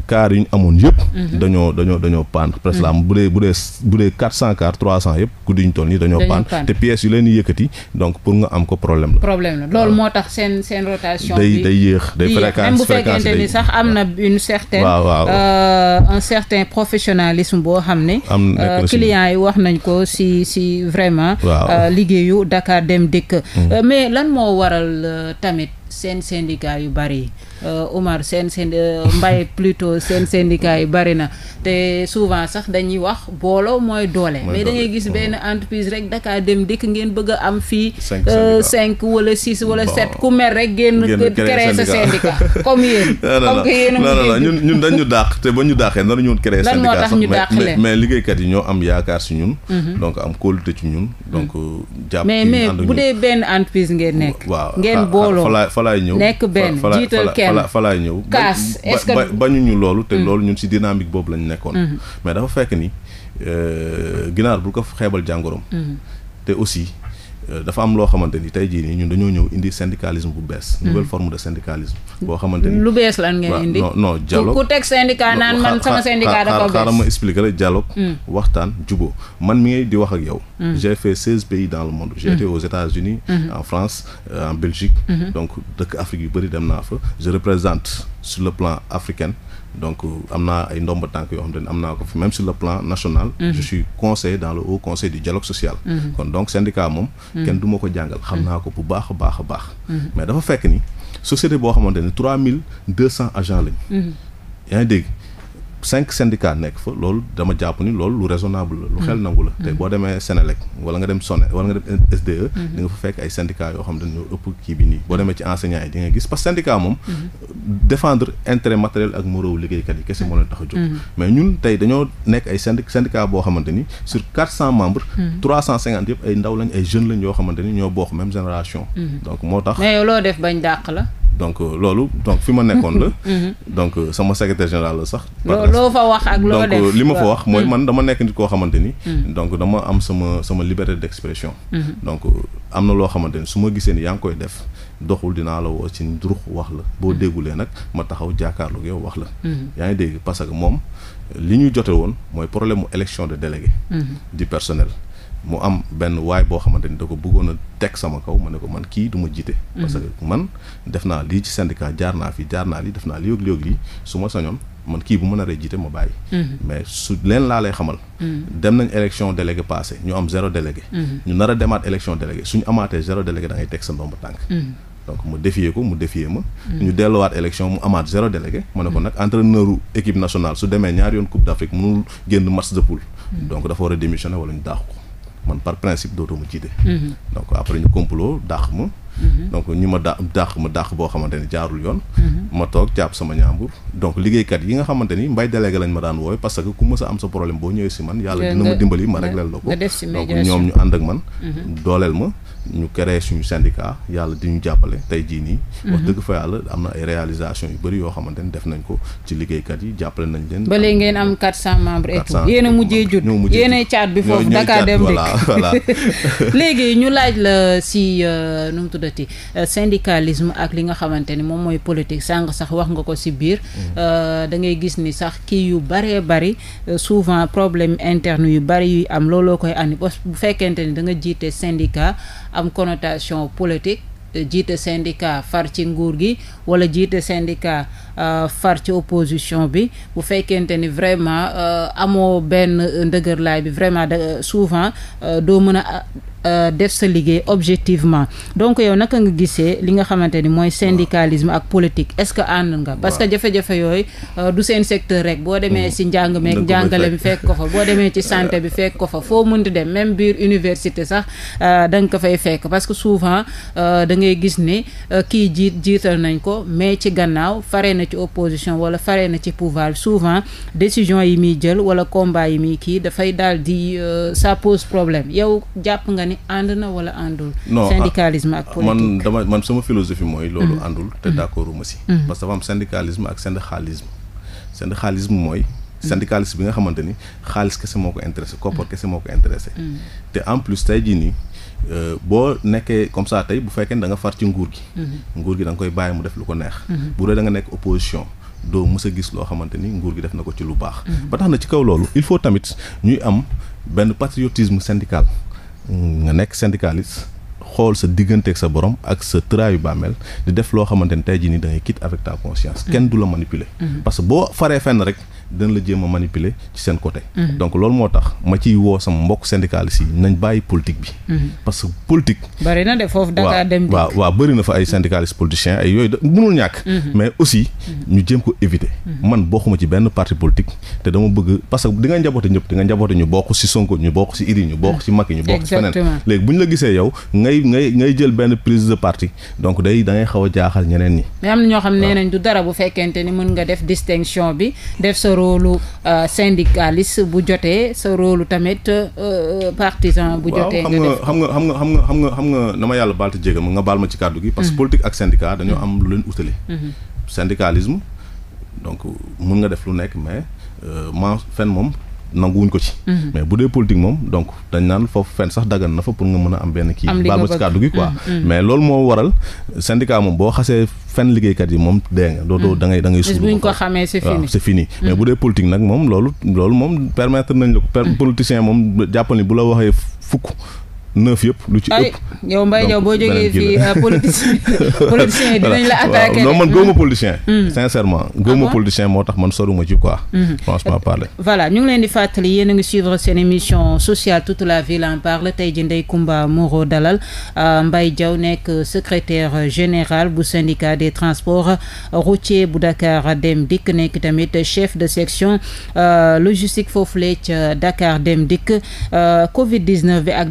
car yu ñu amoon yëpp. Mhm. dañoo dañoo dañoo paan presque la mhm. bu dee bu dee bu dee quatre cent car trois cent yëpp guddi ñu toll nii dañoo paan te pièces yu leen di yëkkati donc pour nga am ko problème la. problème la loolu moo tax seen seen rotation. day day yéex day fréquence fréquence ni sax am na une certaine. waaw waaw euh, un certain professionnalisme boo xam ne. am euh, clients yi wax nañ ko si si vraiment. waaw euh, liggéeyu Dakar Dem Dikk. Mhm. mais lan moo waral tamit seen syndicat yu bari Euh, Omar seen seen euh, Mbaye plutôt seen syndicat yi bari na te souvent sax dañuy wax booloo mooy doole. mais da ngay gis benn entreprise rek Dakar dem dikk ngeen bëgg am fii. Euh, cinq wala six wala sept ku mer rek génn. créer sa syndicat comme yéen. comme que yéen a ñun te ba ñu dàqee nar ñu woon créer syndicat sax mais liggéeykat yi ñoo am yaakaar si ñun. Mhm. donc am kóolute ci ñun. donc mhm. jàpp mais mais bu dee benn entreprise ngeen nekk. ngeen booloo fa laay ñëw nekk benn jiital kenn fala falaa ñëw kaas est-ce que bañuñu loolu te mm. loolu ñu si dynamique boobu lañu nekkoon mm-hmm. mais dafa fekk ni euh, ginaar bu ko xeebal jàngoroom mm-hmm. te aussi Euh, dafa am loo xamante ni tey jii nii ñun dañoo ñëw indi syndicalisme bu bees. Hmm. nouvelle forme de syndicalisme. boo xamante ni lu bees lan ngeen indi. non non dialogue ku teg syndicat naan man sama syndicat xaaral ma expliquer la dialogue. Hmm. waxtaan jubóo man mi ngi di wax ak yow. Hmm. j'ai seize pays dans le monde. j'ai aux États-Unis en France euh, en Belgique. donc dëkk Afrique yu bëri dem naa fa je représente. sur le plan africain donc euh, am naa ay ndomb tànk yoo xam te ne am naa ko fi même sur le plan national mhm. je suis dans le haut conseil du dialogue social mhm. kon donc syndicat moom mhm. kenn du ko jàngal xam naa ko bu baax a baax a baax mais dafa fekk ni société boo xamante ne trois mille deux cent agents lañ yaa ngi dégg cinq syndicats nekk fa loolu dama jàpp ni loolu lu raisonnable la. lu xel nangu la te mm. boo demee Sénélec wala nga dem SONE wala nga dem SDE. Mm-hmm. di fa fekk ay syndicats yoo xam ne dañoo ëpp mm-hmm. tax mm-hmm. ay syndic boo xamante sur quatre cent membres. trois cent cinquante yëpp ay ndaw lañ ay jeunes lañ yoo xamante ñoo bokk même génération. donc moo tax mais loo def bañ dàq la. donc euh, loolu donc fi ma nekkoon la. Mhm. donc euh, sama secrétaire général la sax. loo fa wax ak loo def euh, li ma fa wax mooy mhm. man dama nekk nit koo xamante ni. Mhm. donc dama am sama sama liberté d'expression. donc am na loo xamante ni su ma gisee ni yaa ngi koy def doxul dinaa la woo ci ndurux wax la boo déggulee nag ma taxaw jàkkaarloog yow wax la. yaa ngi dégg parce que moom li ñu jote woon mooy problème mu élection de délégué. di personnel. mu am benn waay boo xamante ni da ko bëggoon a teg sama kaw ma ne ko man kii du ma jiite. Mhm. parce que man def naa lii ci syndicat jaar naa fi jaar naa lii def naa lii ak lii su ma sañoon man kii bu ma naree jiite ma bàyyi. Mhm. mais su leen laa xamal. Mhm. dem nañ élection délégué passé ñu am zéro délégué. ñu nar a demaat élection délégué suñu amaatee zéro délégué da teg sa ndomba tànk. donc mu défier ko mu défier ma. ñu delluwaat élection mu amaat zéro délégué. ma ne ko nag entraîneur équipe d' afrique a démissionner wala ñu man par principe dootoo ma jiite. Mhm. donc après ñu complot dàq ma. Mhm. donc ñu ma da dàq ma dàq boo xamante ni jaarul yoon. Mhm. ma toog jàpp sama ñaambur. donc liggéeykat yi nga xamante ni mbay délégué lañ ma daan woowe parce que ku mës a am sa problème boo ñëwee si man. yàlla dina ma dimbali ma réglé la ko. donc ñoom ñu ànd ak man. dooleel ma. ñu créé suñu syndicat yàlla di ñu jàppale tey jii nii. Mhm. wax dëgg fa yàlla am na ay réalisation yu bëri yoo xamante ni def nañ ko ci liggéeykat yi jàppale nañ leen. ba léegi ngeen am 400 membres et tout yéen a mujjee jut yéen a caat bi foofu Dakar dem dikk voilà léegi ñu laaj la euh, si euh, nu mu tuddati euh, syndicalisme ak li nga xamante ni moom mooy politique sàng sax wax nga ko si biir. Mhm. da ngay gis ni sax kii yu bëree bari souvent problème interne yu bëri yuy am looloo koy andi bu fekkente ni da nga jiite syndicat. am connotation politique jiite syndicat far ci nguur gi wala jiite syndicat euh, far ci opposition bi bu fekkente ni vraiment euh, amoo benn ndëgërlaay bi vraiment da euh, souvent doo mën a def sa liggéey objectivement donc yow naka nga gisee li nga xamante ni mooy syndicalisme ak politique est-ce que ànd nga parce que jafe yooy yooyu du seen secteur rek boo demee si mm. njàng meek njàngale bi fekk ko fa boo demee ci santé bi fekk ko fa foo mënti dem même biir université sax da nga ko fay fekk parce que souvent da ngay gis ni kii jiit jiital nañ ko ko mais ci gannaaw fare na ci opposition wala fare na ci pouvoir souvent décision yi muy jël wala combat yi muy kii dafay daal di euh, ça pose problème yow jàpp nga ni ànd na wala àndul ah, syndicalisme ak politique man dama man sama philosophie mooy loolu mm-hmm. àndul te mm-hmm. d'accord uma si mm-hmm. parce que dafa am syndicalisme ak syndicalisme syndicalisme mooy syndicalisme bi nga xamante ni xaalis kese moo ko intéressé koppar kese moo ko intéressé te en plus tey jii nii Euh, boo nekkee comme ça tey bu fekkee da nga far ci nguur gi. Mhm. nguur gi da koy bàyyi mu def lu ko neex. Mhm. bu dee da nga nekk opposition. doo mës gis loo xamante ni nguur gi def na ko ci lu baax. Mhm. ba tax na ci kaw loolu il faut tamit ñuy am benn patriotisme syndical nga nekk syndicaliste xool sa diggante ak sa borom ak sa tëraayu bàmmeel di def loo xamante ni tey jii nii da ngay quitte avec ta conscience. kenn du la manipuler. parce que boo faree fenn rek. dina la jéem a manipuler ci seen côté. Mhm. donc loolu moo tax ma ciy woo sama mbokk syndicaliste yi nañ bàyyi politique bi. Mhm. parce que politique. bari de foofu Dakar dem waaw waaw bëri fa ay syndicaliste politiciens ay yooyu mënul ñàkk. Mhm. mais aussi ñu jéem ko éviter. man bokkuma ci benn parti politique te dama bëgg parce que di njaboote ñëpp di njaboote ñu bokk ci Sonko ñu bokk ci Idi ñu bokk ci Macky ñu bokk ci feneen. léegi bu ñu la gisee yow da ngay rôle euh, syndicaliste bu jotee sa rôle tamit euh, euh, partisan bu jotee nga def xam nga xam nga xam nga xam nga xam nga na ma yàlla baal te jéggal ma nga baal ma ci kàddu gi parce que mhm. politique ak syndicat dañoo am lu leen utale mhm. syndicalisme donc mun nga def lu nekk mais man fen moom wuñ ko ci. Mhm. mais bu dee politique moom donc dañ naan foofu fenn sax dagan na fa pour nga mën a am benn kii. am li nga bëgg ci kàddu gi quoi. Mhm, mhm. mais loolu moo waral syndicat moom boo xasee fenn liggéeykat yi moom dee nga. doo da ngay da ngay suul buñ ko xamee c'est fini c'est fini. mais bu dee politique nag moom loolu loolu moom permettre nañ la ko. politicien moom jàppal ni bu la waxee fukk. neuf yëpp lu ci ëpp. yow Mbaye Diaw boo jógee fii ah, politicien politicien yi dinañ la attaqué. man góob ma politicien. Hmm. sincèrement góob ah politicien moo tax man soruma ci quoi. franchement parler. voilà ñu ngi leen di fàttali yéen ngi suivre seen émission sociale toute la ville en parle tey ji Ndeye Comba Moreau dalal euh, Mbaye Diaw nekk secrétaire général bu syndicat des transports routiers bu Dakar Dem Dikk nekk tamit chef de section euh, logistique foofule ca Dakar Dem Dikk euh, Covid bi ak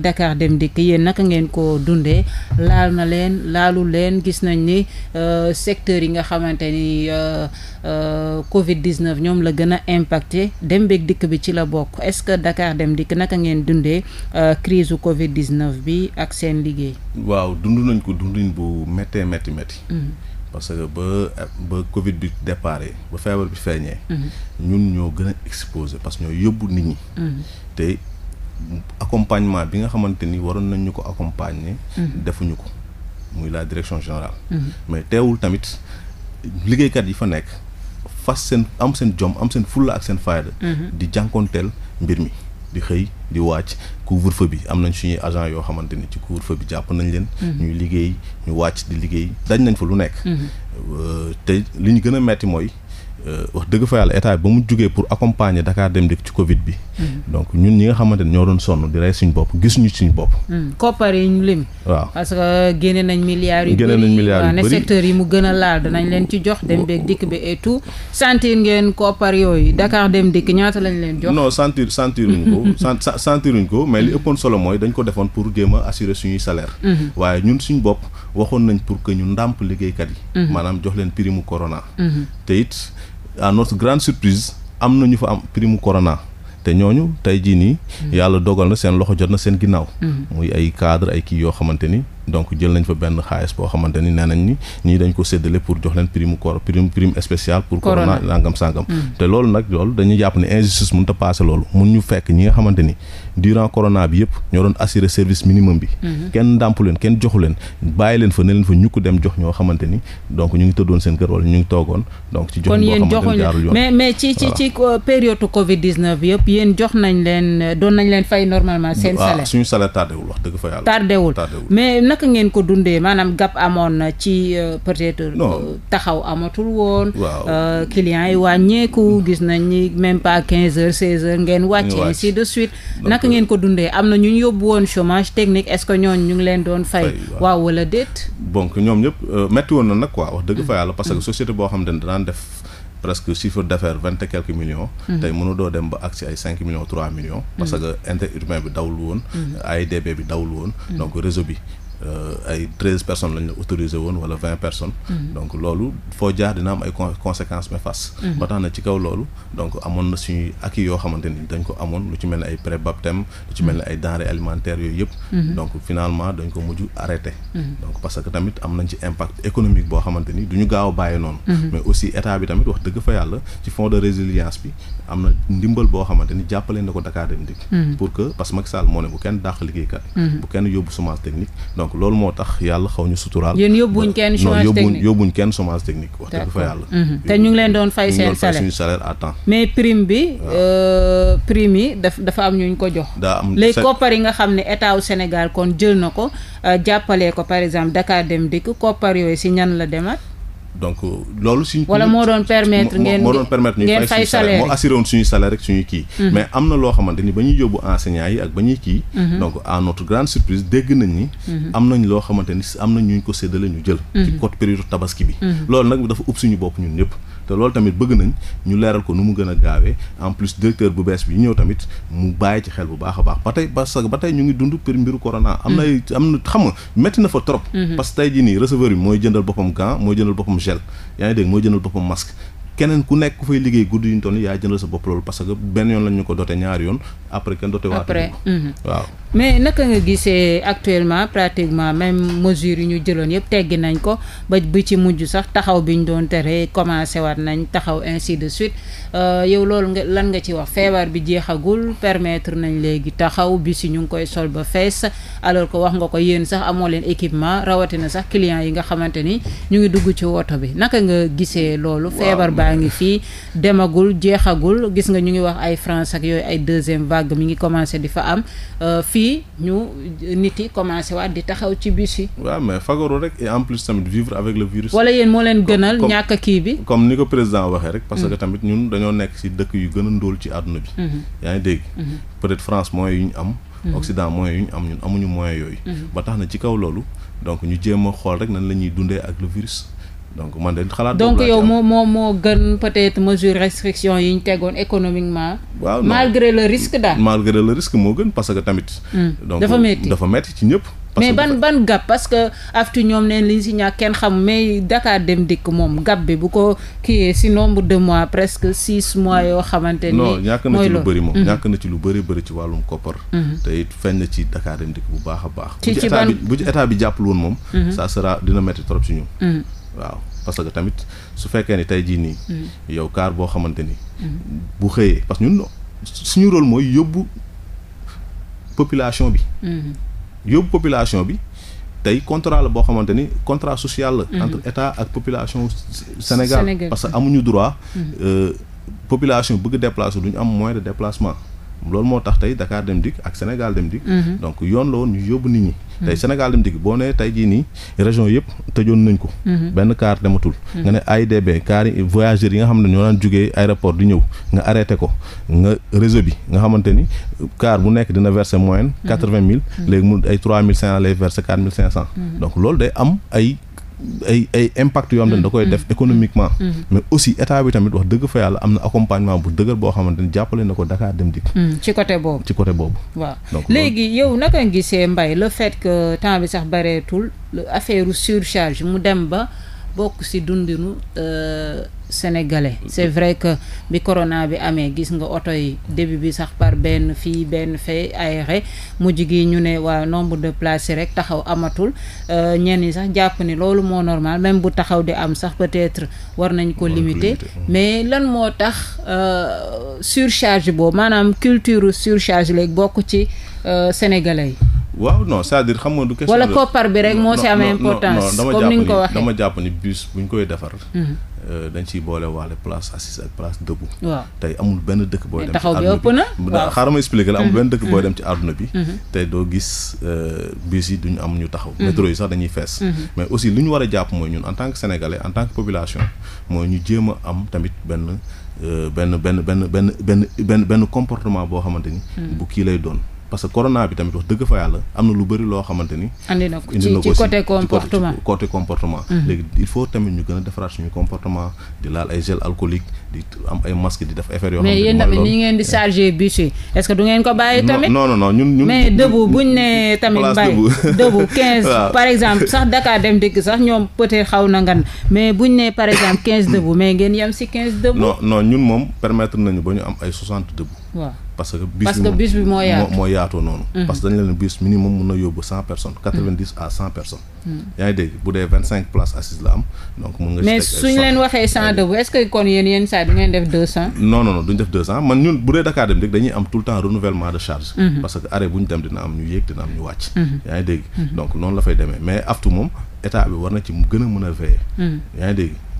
dem dikk yéen naka ngeen ko dundee laal na leen laalu leen gis nañ ni euh, secteur yi nga xamante ni euh, euh, Covid 19 ñoom la gën a impacté dem beeg dikk bi ci la bokk est-ce que Dakar dem dikk naka ngeen dundee crise u Covid 19 bi ak seen liggéey. waaw dund nañ ko dunduñ bu méttee métti métti. Mhm. parce que ba ba Covid bi déparé ba feebar bi feeñee. Mhm. ñun ñoo gën a exposé parce que ñoo yóbbu nit ñi. Mhm. te accompagnement bi nga xamante ni waroon nañ ñu ko accompagner. Mhm. defuñu ko muy la direction générale. Mhm. mais teewul tamit liggéeykat yi fa nekk fas seen am seen jom am seen fulla ak seen fayda. Mhm. di jànkoonteel mbir mi di xëy di wàcc couvre-feu bi am nañ suñuy agent yoo xamante ni ci couvre-feu bi jàpp nañ leen. ñuy liggéey ñu wàcc di liggéey dañ nañ fa lu nekk. Euh, te li ñu gën a metti mooy. Euh, wax dëgg fa yàlla état bi ba mu jugee pour accompagner Dakar Dem Dikk ci Covid bi. Mm-hmm. donc ñun ñi nga xamante ne ñoo doon sonn di rey suñu bopp gis ñu suñu bopp. Mm-hmm. koppar yi ñu lim. waaw que génne nañ milliards yu bëri génne nañ milliards yu bëri secteur yi mu gën a laal danañ leen ci jox dem beeg dikk bi et tout sentir ngeen koppar yooyu Dakar Dem Dikk ñaata lañ leen jox. Mm-hmm. ko. mais li solo mooy dañ ko defoon pour jéem a assurer suñuy salaire. waaye ñun suñu bopp waxoon nañ pour que ñu ndàmp liggéeykat yi. maanaam jox leen prime mu corona. à notre grande surprise am na ñu fa am primu corona te ñoo ñu tey jii ni mm. yàlla dogal na seen loxo jot na seen ginnaaw. Mm. muy ay cadre ay kii yoo xamante ni donc jël nañ fa benn xaalis boo xamante ni nee nañ ni ñii dañ ko séddale pour jox leen prime corps prime prime pour corona sangam sangam mm. te loolu nag loolu dañuy jàpp ne injustice mënut a passé loolu mun ñu fekk ñi nga xamante ni durant corona bi yëpp ñoo doon assurer service minimum bi mm-hmm. kenn ndàmpu leen kenn joxu leen bàyyi leen fa ne leen fa ñu dem jox ñoo xamante ni donc ñu ngi tëddoon seen kër wala ñu ngi toogoon donc ci jox boo xamante ni jaarul naka ngeen ko dundee maanaam gap amoon na ci euh, peut-être. Euh, taxaw amatul woon. waaw euh, clients yi wàññeeku gis nañ ni même pas quinze heures seize heures ngeen wàcc. ainsi de suite ko dundee am na ñu ñu yóbbu woon chômage technique est-ce que ñooñu ñu ngi leen doon fay. waaw wala déet. donc ñoom ñëpp metti woon na nag quoi wax dëgg fa mm. yàlla parce que mm. société boo xam ne daan def. presque chiffre d'affaires vingt et quelques millions mm-hmm. tey mënu doo dem ba ak ay cinq millions trois millions mm. parce que interurbain bi woon mm-hmm. AIBD bi dawul woon Euh, ay treize personnes lañ la autorisé woon wala vingt personnes. Mm-hmm. donc loolu foo jaar dina am ay conséquences néfastes. Mm-hmm. ba tax na ci kaw loolu donc amoon na suñuy acquis yoo xamante dañ ko amoon lu ci mel ne ay pré baptême lu ci mel ne mm-hmm. ay denrées alimentaires yooyu yëpp. donc finalement dañ ko mujj arrêté. donc parce tamit am nañ ci impact économique boo xamante du ñu gaaw a bàyyi noonu. mais aussi état bi tamit wax dëgg fa yàlla ci fonds de résilience bi am loolu moo tax yàlla xaw ñu suturaal. yéen yóbbuñ kenn chômage technique yóbbuñ kenn chômage technique. wax dëgg fa yàlla. Mhm. te ñu leen doon fay seen salaire ñu ngi doon fay suñu salaire à temps. mais prime bi euh, prime yi dafa am ñu ñu ko jox. daa am léegi koppar yi nga xam ne état wu Sénégal kon jël na ko euh, jàppale ko par exemple Dakar dem dikk koppar yooyu si ñan la demaat. donc euh, loolu suñ. wala moo doon permettre ngeen moo permettre ñu fay suñu moo assuré suñu salaire rek suñu kii. Mhm. mais am na loo xamante ni ba ñuy yóbbu enseignants yi ak ba ñuy kii. Mhm. donc à notre grande surprise dégg nañ ni. Mhm. am nañ loo xamante ni am nañ ñu ko séddale ñu jël. ci code période tabaski bi. loolu nag dafa ub suñu bopp ñun ñëpp. te loolu tamit bëgg nañ ñu leeral ko nu mu gën a gaawee en plus directeur bu bees bi ñëw tamit mu bàyyi ci xel bu baax a baax ba tey parce que ba tey ñu ngi dund për mbiru corona. am nay am na xam nga na fa trop. Mhm. parce tey jii nii receveur bi mooy jëndal boppam gant mooy jëndal boppam gel yaa ngi dégg mooy jëndal boppam masque. keneen ku nekk ku fay liggéey guddi yu ñu yaa jëndal sa bopp loolu parce que benn yoon lañ ñu ko dote ñaari yoon après kenn dote waat. après mhm. mais naka nga gisee actuellement pratiquement même mesure yu ñu jëloon yëpp teggi nañ ko ba bi ci mujj sax taxaw bi ñu doon tere commencé waat nañ taxaw ainsi de suite euh, yow loolu nga lan nga ci wax feebar bi jeexagul permettre nañ léegi taxaw bi si ñu ngi koy sol ba fees alors ko wax nga ko yéen sax amoo leen équipement rawatina sax clients yi nga xamante ni ñu ngi dugg ci woto bi naka nga gisee loolu feebar baa ngi fii demagul jeexagul gis nga ñu ngi wax ay France yooyu ay deuxième vague mi ngi commencé di fa am euh, fii ñu nit yi commencé waat di taxaw ci bus yi. waaw mais fagaru rek et en plus tamit vivre avec le virus. wala yéen moo leen gënal ñàkk kii bi. comme ni ko président waxee rek. parce que mm-hmm. tamit ñun dañoo nekk ci dëkk yu gën a ndóol ci àdduna bi. Mm-hmm. yaa ngi dégg. Mm-hmm. peut France moyens yu ñu am. Occident moyens yu ñu am ñun amuñu moyens yooyu. ba tax na ci kaw loolu donc ñu jéem xool rek nan la dundee ak le virus. donc man de donc yow moo moo moo gën peut-être mesure restriction yi ñu tegoon économiquement. waaw malgré le risque daal. malgré le risque moo gën parce que tamit. Hmm. donc dafa metti dafa metti ci ñëpp. mais ban ban gap parce que aftu ñoom neen liñ si ñàkk kenn xam mais Dakar dem dikk moom gap bi bu ko kiiyee si nombre de mois presque six mois yoo xamante ni. non ñàkk na ci lu bëri moom hmm. ñàkk na ci lu bëri bëri ci wàllum koppar. Hmm. te it feeñ na ci Dakar dem dikk bu baax a baax. ci ci bi jàppul woon moom. waaw parce que tamit su fekkee ni tey jii nii. Mm. yow kaar boo xamante ni. Mm. bu xëyee parce que ñun suñu rôle mooy yóbbu population bi. Mm-hmm. yóbbu population bi tey contrat la boo xamante ni contrat social la. entre mm-hmm. état ak population Sénégal. parce que amuñu droit. Mm-hmm. Euh, population bëgg déplacer du ñu am moyen de déplacement. loolu moo tax tey Dakar Dem Dikk ak Sénégal Dem Dikk mhm. donc yoon la woon ñu yóbbu nit ñi mhm. tey Sénégal Dem Dikk boo ne tey jii nii région yëpp tëjoon nañ ko mhm. benn car dematul nga ne AIBD car voyageurs yi nga xam ne ñoo daan jógee aéroport di ñëw nga arrêté ko nga réseau bi nga xamante ni car bu nekk dina verser moyenne quatre vingt mille léegi mu ay trois mille cinq cent lay verser quatre mille cinq cent donc loolu day am ay ay ay impact yoo xam ne mm. da koy def mm. économiquement mm-hmm. mais aussi état bi tamit wax dëgg fa yàlla am na accompagnement bu dëgër boo xamante ni jàppale na ko Dakar dem dikk mm, ci côté boobu ci côté boobu waaw donc léegi yow naka nga gisee Mbaye le fait temps bi sax bareetul affaire surcharge mu dem ba bokk ci dundinu euh, sénégalais c'est vrai que bi corona bi amee gis nga oto yi début bi sax par benn fii benn fee aéré mujj gi ñu ne waa nombre de place yi rek taxaw amatul euh, ñenn ñi sax jàpp ni loolu moo normal même bu taxaw di am sax peut-être war nañ ko limiter mais lan moo tax euh, surcharge boobu maanaam culture surcharge léegi bokk ci sénégalais yi waaw no c'est-à-dire xam nga du question wala koppar bi rek moo si am importance comme ni nga ko waxee jàpp ni bu ñu koy defar mhm. euh, dañ ciy boole waale place assise ak place debout tey amul benn dëkk boo dem taxaw bi ma expliqué la mhm. dëkk booy mhm. dem ci àdduna bi tey doo gis euh, bus yi duñu am ñu taxaw métro yi sax dañuy fees mais aussi li ñu war a jàpp mooy ñun en tant que sénégalais en tant que population mooy ñu jéem a am tamit benn euh, benn benn benn benn benn benn benn comportement boo xamante ni bu kii lay doon parce que corona bi tamit wax dëgg fa yàlla am na lu bëri loo xamante ni. indi na ko comportement mhm. léegi il faut tamit ñu gën defaraat suñu comportement di laal ay gel alcoolique di am ay masque di def affaire yoo. xam mais yéen tamit ni ngeen di chargé bus yi est que du ngeen ko bàyyi tamit. non non non ñun ñun. mais debout buñ ne tamit bàyyi par exemple sax Dakar dem dikk sax ñoom peut xaw na ngan mais buñ ne par exemple 15 debout mais ngeen yem si 15 debout. non non ñun moom permettre nañu ba ñu am ay waaw parce que bus bi moo yaatoo noonu mm. parce que dañ leen bus minimum mun na yóbbu cent personnes quatre vingt dix à cent personnes mm. yaa ngi dégg bu dee vingt cinq places assises la am donc mun nga mais suñ leen waxee cent debout est ce kon yéen yenn saa du ngeen def deux cent non non duñ def deux cent man ñun bu dee Dakar dem rek dañuy am tout temps renouvellement de charge mm-hmm. parce que arrêt bu ñu dem dina am ñu yéeg dina am ñu wàcc mm-hmm. yaa ngi dégg mm-hmm. donc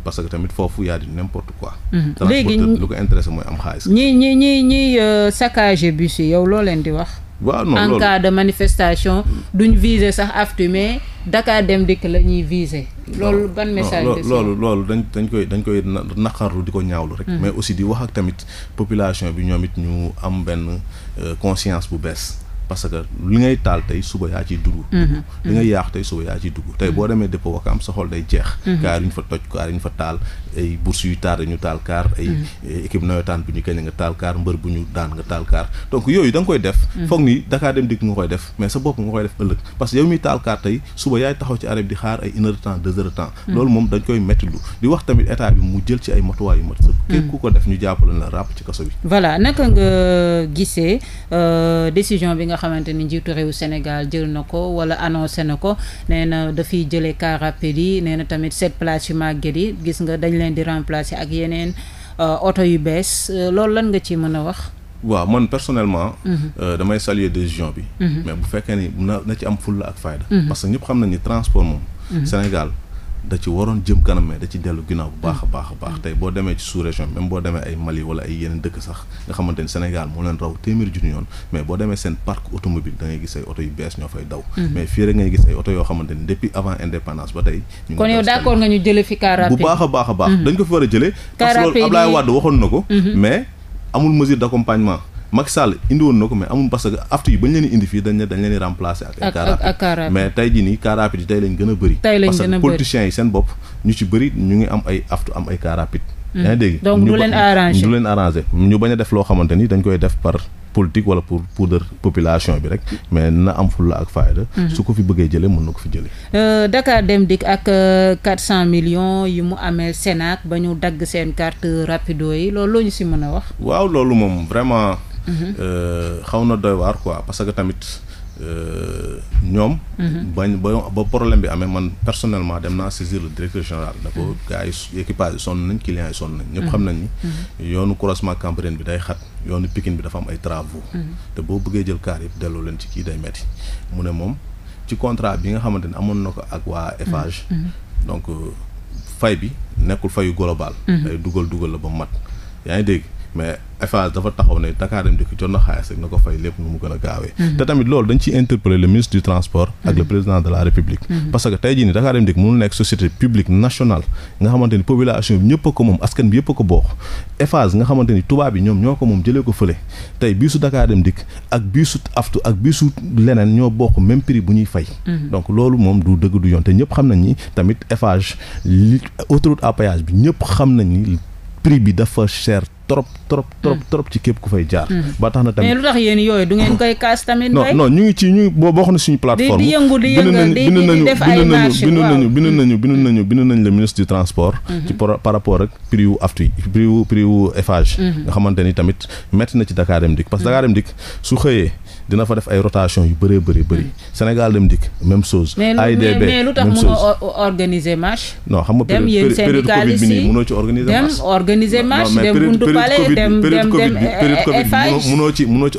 parce que tamit foofu yaa di n'importe quoi. Mhm. léegi lu ko intéressé mooy am xaalis. ñi ñi ñi ñiy euh, saccagé bi si yow loo leen di wax. waaw non loolu en cas mhm. sax aftu mais Dakar dem dikk la ñuy viser. loolu ban message loolu loolu dañ dañ koy dañ koy naqarlu di ko ñaawlu rek. Mhm. mais aussi di wax ak tamit population bi ñoom it ñu am benn euh, conscience bu bees. parce que li ngay taal tey suba yaa ciy dugg. Mhm. li mhm. ngay yaax tey suba yaa ciy dugg tey boo demee dépôt Wakaam sa day jeex. kaar mhm. yu ñu fa toj kaar yu ñu fa taal ay bourses yu taal kaar. ay équipe nawetaan bu ñu gañe nga taal kaar mbër bu ñu daan nga taal kaar donc yooyu da koy def. foog ni Dakar dem dikk nga koy def mais sa bopp nga koy def ëllëg parce que yow miy taal kaar tey suba yaay taxaw ci arrêt di xaar ay une temps deux heures ko def ñu nga xamante ni njiitu réew Sénégal jël na ko wala annoncé na ko nee na dafiy jëlee car rapide yi nee na tamit sept places yu màgget yi gis nga dañ leen di remplacer ak yeneen oto euh, yu bees euh, lool lan nga ci mën a wax. waaw man personnellement. Mhm. Euh, damay saluer décision bi. Mhm. mais bu fekkee ni na na ci am fulla ak fayda. Mhm. parce que ñëpp xam nañ ni transport moom. Sénégal. da ci waroon jëm kanam mais da ci dellu ginnaaw bu baax a baax a baax tey boo demee ci sous-région même boo demee ay Mali wala ay yeneen dëkk sax nga xamante Sénégal moo leen raw téeméer junni mais boo demee seen parc automobile da gis ay oto yu bees ñoo fay daw mm-hmm. mais fii ngay gis ay oto yoo xamante ni depuis avant indépendance ba tey kon yow d'accord nga ñu jële fi bu baax a baax a baax mm-hmm. dañ ko fi war a jëlee parce que loolu Ablaye Wade waxoon na ko mm-hmm. mais amul mesure d'accompagnement Macky Sall indi na ko mais amul parce que aftu yi ba ñu leen indi fii dañ leen dañ leen remplacer ak ay car rapide mais tey jii nii car rapide yi tey gën a bëri parce que hmm. du leen arrangé ñu bañ a def loo xamante dañ koy def par politique wala pour pour de population bi rek mais na am fulla ak faayda hmm. su ko fi bëggee jëlee mën na ko fi jëlee euh, Dakar Dem Dikk ak euh, quatre yi mu amee Sénac ba ñu dagg seen carte rapido yi loolu loo ñu si mën a wax waaw Mm-hmm. Euh, xaw na doy waar quoi parce que tamit euh, ñoom. Mm-hmm. bañ ba ba problème bi amee man personnellement dem naa saisir le directeur général na ko mm-hmm. gars yi équipage yi sonn nañ clients yi sonn nañ. ñëpp xam nañ ni. yoonu croisement Cambérène bi day xat yoonu Pikine bi dafa am ay travaux. te boo bëggee jël kaar yëpp delloo leen ci kii day metti mu ne moom ci contrat bi nga xamante ne amoon na ko ak waa Eiffage. donc euh, fay bi nekkul fayu global. day dugal dugal la ba mat yaa ngi dégg. mais Eiffage dafa taxaw ne Dakar dem dikk jot na ko fay lépp nu mu gën a gaawee. Mhm. te tamit loolu dañ ciy interpeller le ministre du transport. ak mhm. le président de la république. Mhm. parce que tey jii nii Dakar dem dikk nekk société publique nationale nga xamante ni bi ñëpp a ko moom askan bi yëpp a ko bokk Eiffage nga xamante tubaab yi ñoom ñoo ko moom jëlee ko fële tey bii su Dakar ak bii aftu ak bii leneen ñoo bokk même trop trop trop hmm. trop ci képp ku fay jaar. Hmm. ba tax na tamit mais lu tax yéen yooyu du ngeen na suñu plateforme. di yëngu di yëngal di di def ay marché bind nañu bind hmm. ci par rapport ak prix yu xamante ni tamit métti na ci Dakar Dem que su xëyee. dina fa def ay rotation yu bëree bëri bëri hmm. Sénégal dem dikk même chose. AIDB mais lu tax mënoo organiser marche. non xam nga période période Covid bi nii mënoo ci organiser marche. dem organiser marche dem buntu palais dem dem dem FH. mënoo ci mënoo ci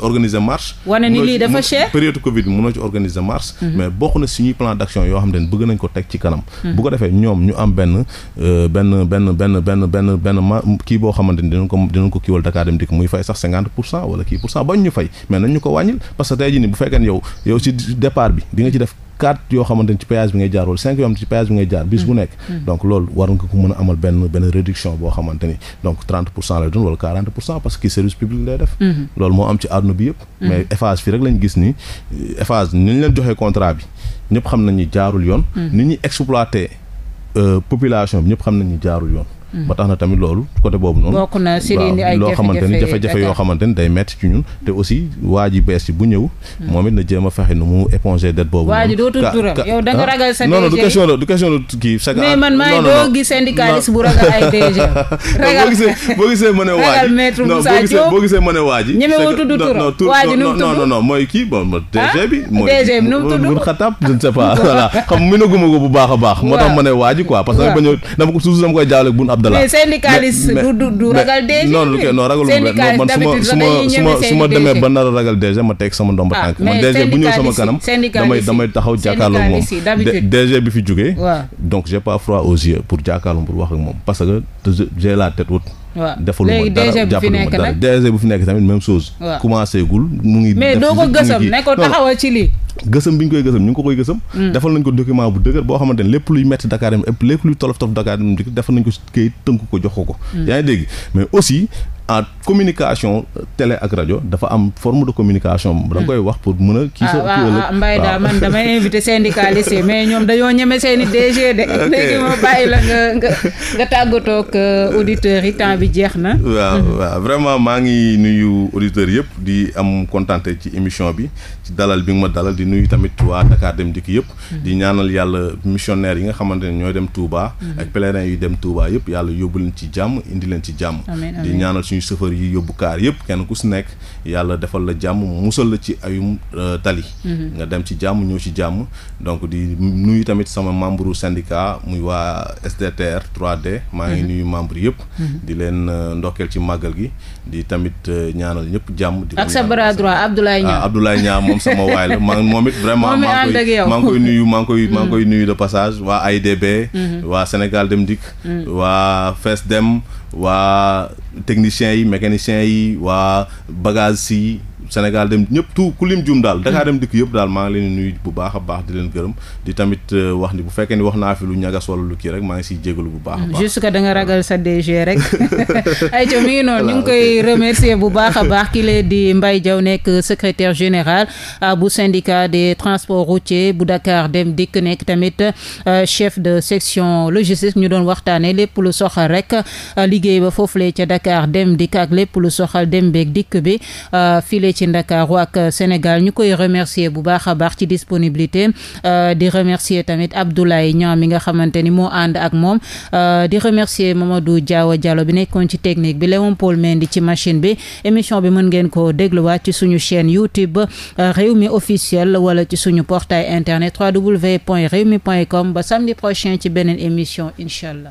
organiser marche. Mhm. na suñuy plan d' yoo xam ne bëgg nañ ko teg ci kanam. Hmm. ko defee ñoom ñu am benn euh, benn benn benn boo xamante ni dinañ ko dinañ ko kiiwal Dakar dem dikk muy fay sax cinquante pour cent wala kii pour cent bañ ñu fay mais nañ ñu ko wàññil parce que tey jii nii bu fekkee ne yow yow si départ bi di nga ci def quatre yoo xamante ni ci péage bi ngay jaar wala cinq yoo ci péage bi ngay jaar bis bu mm. nekk mm. donc loolu war nga ko mën a amal benn benn réduction boo xamante donc trente pour cent lay doon wala quarante pour cent parce que service public lay def mm-hmm. loolu moo am ci àdduna bi yëpp mm-hmm. mais Eiffage fii rek lañ gis ni Eiffage ni leen joxee contrat bi ñëpp xam nañu jaarul yoon mm-hmm. ni ñuy exploité euh, population ba tax na tamit loolu côté boobu noonu ko na si li ay loo ni jafe-jafe yoo xamante ni day metti ci ñun te aussi waa ji bees yi bu ñëw hmm. moom it na jéem a fexe nu mu éponger dette boobu waa ji du question la du question la kii chaque mais ah, man maa ma ne waa ji ragal maître Moussa ma waa ji ñemewoo tudd turam waa ji nu mu tudd non non non mooy kii bon ah, DG bi mooy nu mu tudd mun xatab ne sais ko bu baax baax moo tax ma ne waa ji quoi parce que bañ dama ko toujours dama koy jaawale bun ab Abdallah mais syndicaliste du du du ragal DG. non non ragalul man su ma su ma su ma demee ba nar ragal DG ma teg sama ndomba ah, tànk. man DG bu ñëw sama kanam damay damay taxaw jàkkaarloo moom DG bi fi jógee. donc j'ai pas froid aux yeux pour jàkkaarloo pour wax moom parce que j'ai la tête waaw deful ma dara jàpp ma bu fi nekk tamit même chose. waaw gul mu ngi. mais doo ko gësam ci lii. gësam bi ñu koy gësam ñu ngi ko koy gësam. Mm. defal nañ ko document bu dëgër boo xamante ne lépp luy metti Dakar lépp luy tolof tolof Dakar defal nañ ko kayit tënk ko jox ko ko. Mm. yaa ngi dégg mais aussi en communication euh, télé ak rajo dafa am forme de communication. Hmm. da nga koy wax pour mën a. kii sa waaw ah, ah, ah, Mbaye daa man damay invité syndicaliste yi mais ñoom dañoo ñeme seen i DG de. léegi ma bàyyi la nga nga tàggatoo ak euh, auditeurs yi temps bi jeex na. waaw hmm. waaw vraiment maa ngi nuyu auditeurs yëpp di am kontante ci émission bi ci dalal bi nga ma dalal di nuyu tamit waa Dakar Dem Dikk yëpp. Hmm. di ñaanal yàlla missionnaire yi nga xamante ne ñooy dem Touba. ak pèlerins yu dem Touba yëpp yàlla yóbbu leen ci jàmm indi leen ci jàmm. suñu chauffeur yi yóbbu kaar yëpp kenn ku si nekk yàlla defal la jàmm musal la ci ayum euh, tali. Mm-hmm. nga dem ci jàmm ñëw ci jàmm. donc di nuyu tamit sama membre syndicat muy waa SDTR 3D. maa ngi mm-hmm. nuyu membre yëpp. Mm-hmm. di leen euh, ndokkeel ci màggal gi di tamit euh, ñaanal ñëpp jàmm. di ak sa bras droit Abdoulaye Niang ah, Abdoulaye Niang moom sama koy nuyu maa koy nuyu de passage waa AIDB. waa Sénégal dem dikk. waa FES dem. waa techniciens yi mécaniciens yi waa bagage yi Sénégal dem ñëpp tout ku lim jum daal Dakar dem dikk yëpp daal maa ngi leen di bu baax a baax di leen gërëm di tamit euh, wax ni bu fekkee ni wax naa fi lu ñagas wala lu kii rek maa ngi siy bu baax a baax nga ragal sa DG rek ay ca mi ngi noonu ñu ngi koy remercier bu baax a baax ki lee di mbay Diaw nekk secretaire général euh, bu syndicat des transports routiers bu Dakar dem dikk nekk tamit euh, chef de section logistique ñu doon waxtaane lépp lu soxal rek liggéey ba foofu foofulee ca Dakar dem dikk ak lépp lu soxal dem beeg dikk bi file ci Ndakaaru ak euh, Sénégal ñu koy remercier bu baax a baax ci disponibilité euh, di remercier tamit Abdoulaye ñaam mi nga xamante ni moo ànd ak moom euh, di remercier Mamadou Diawa Diallo bi nekkoon ci technique bi Léon Paul Mendy ci machine bi émission bi mën ngeen ko dégluwaat ci suñu chaîne YouTube Rewmi officiel wala ci suñu portail internet www.rewmi.com ba samedi prochain ci beneen émission incha allah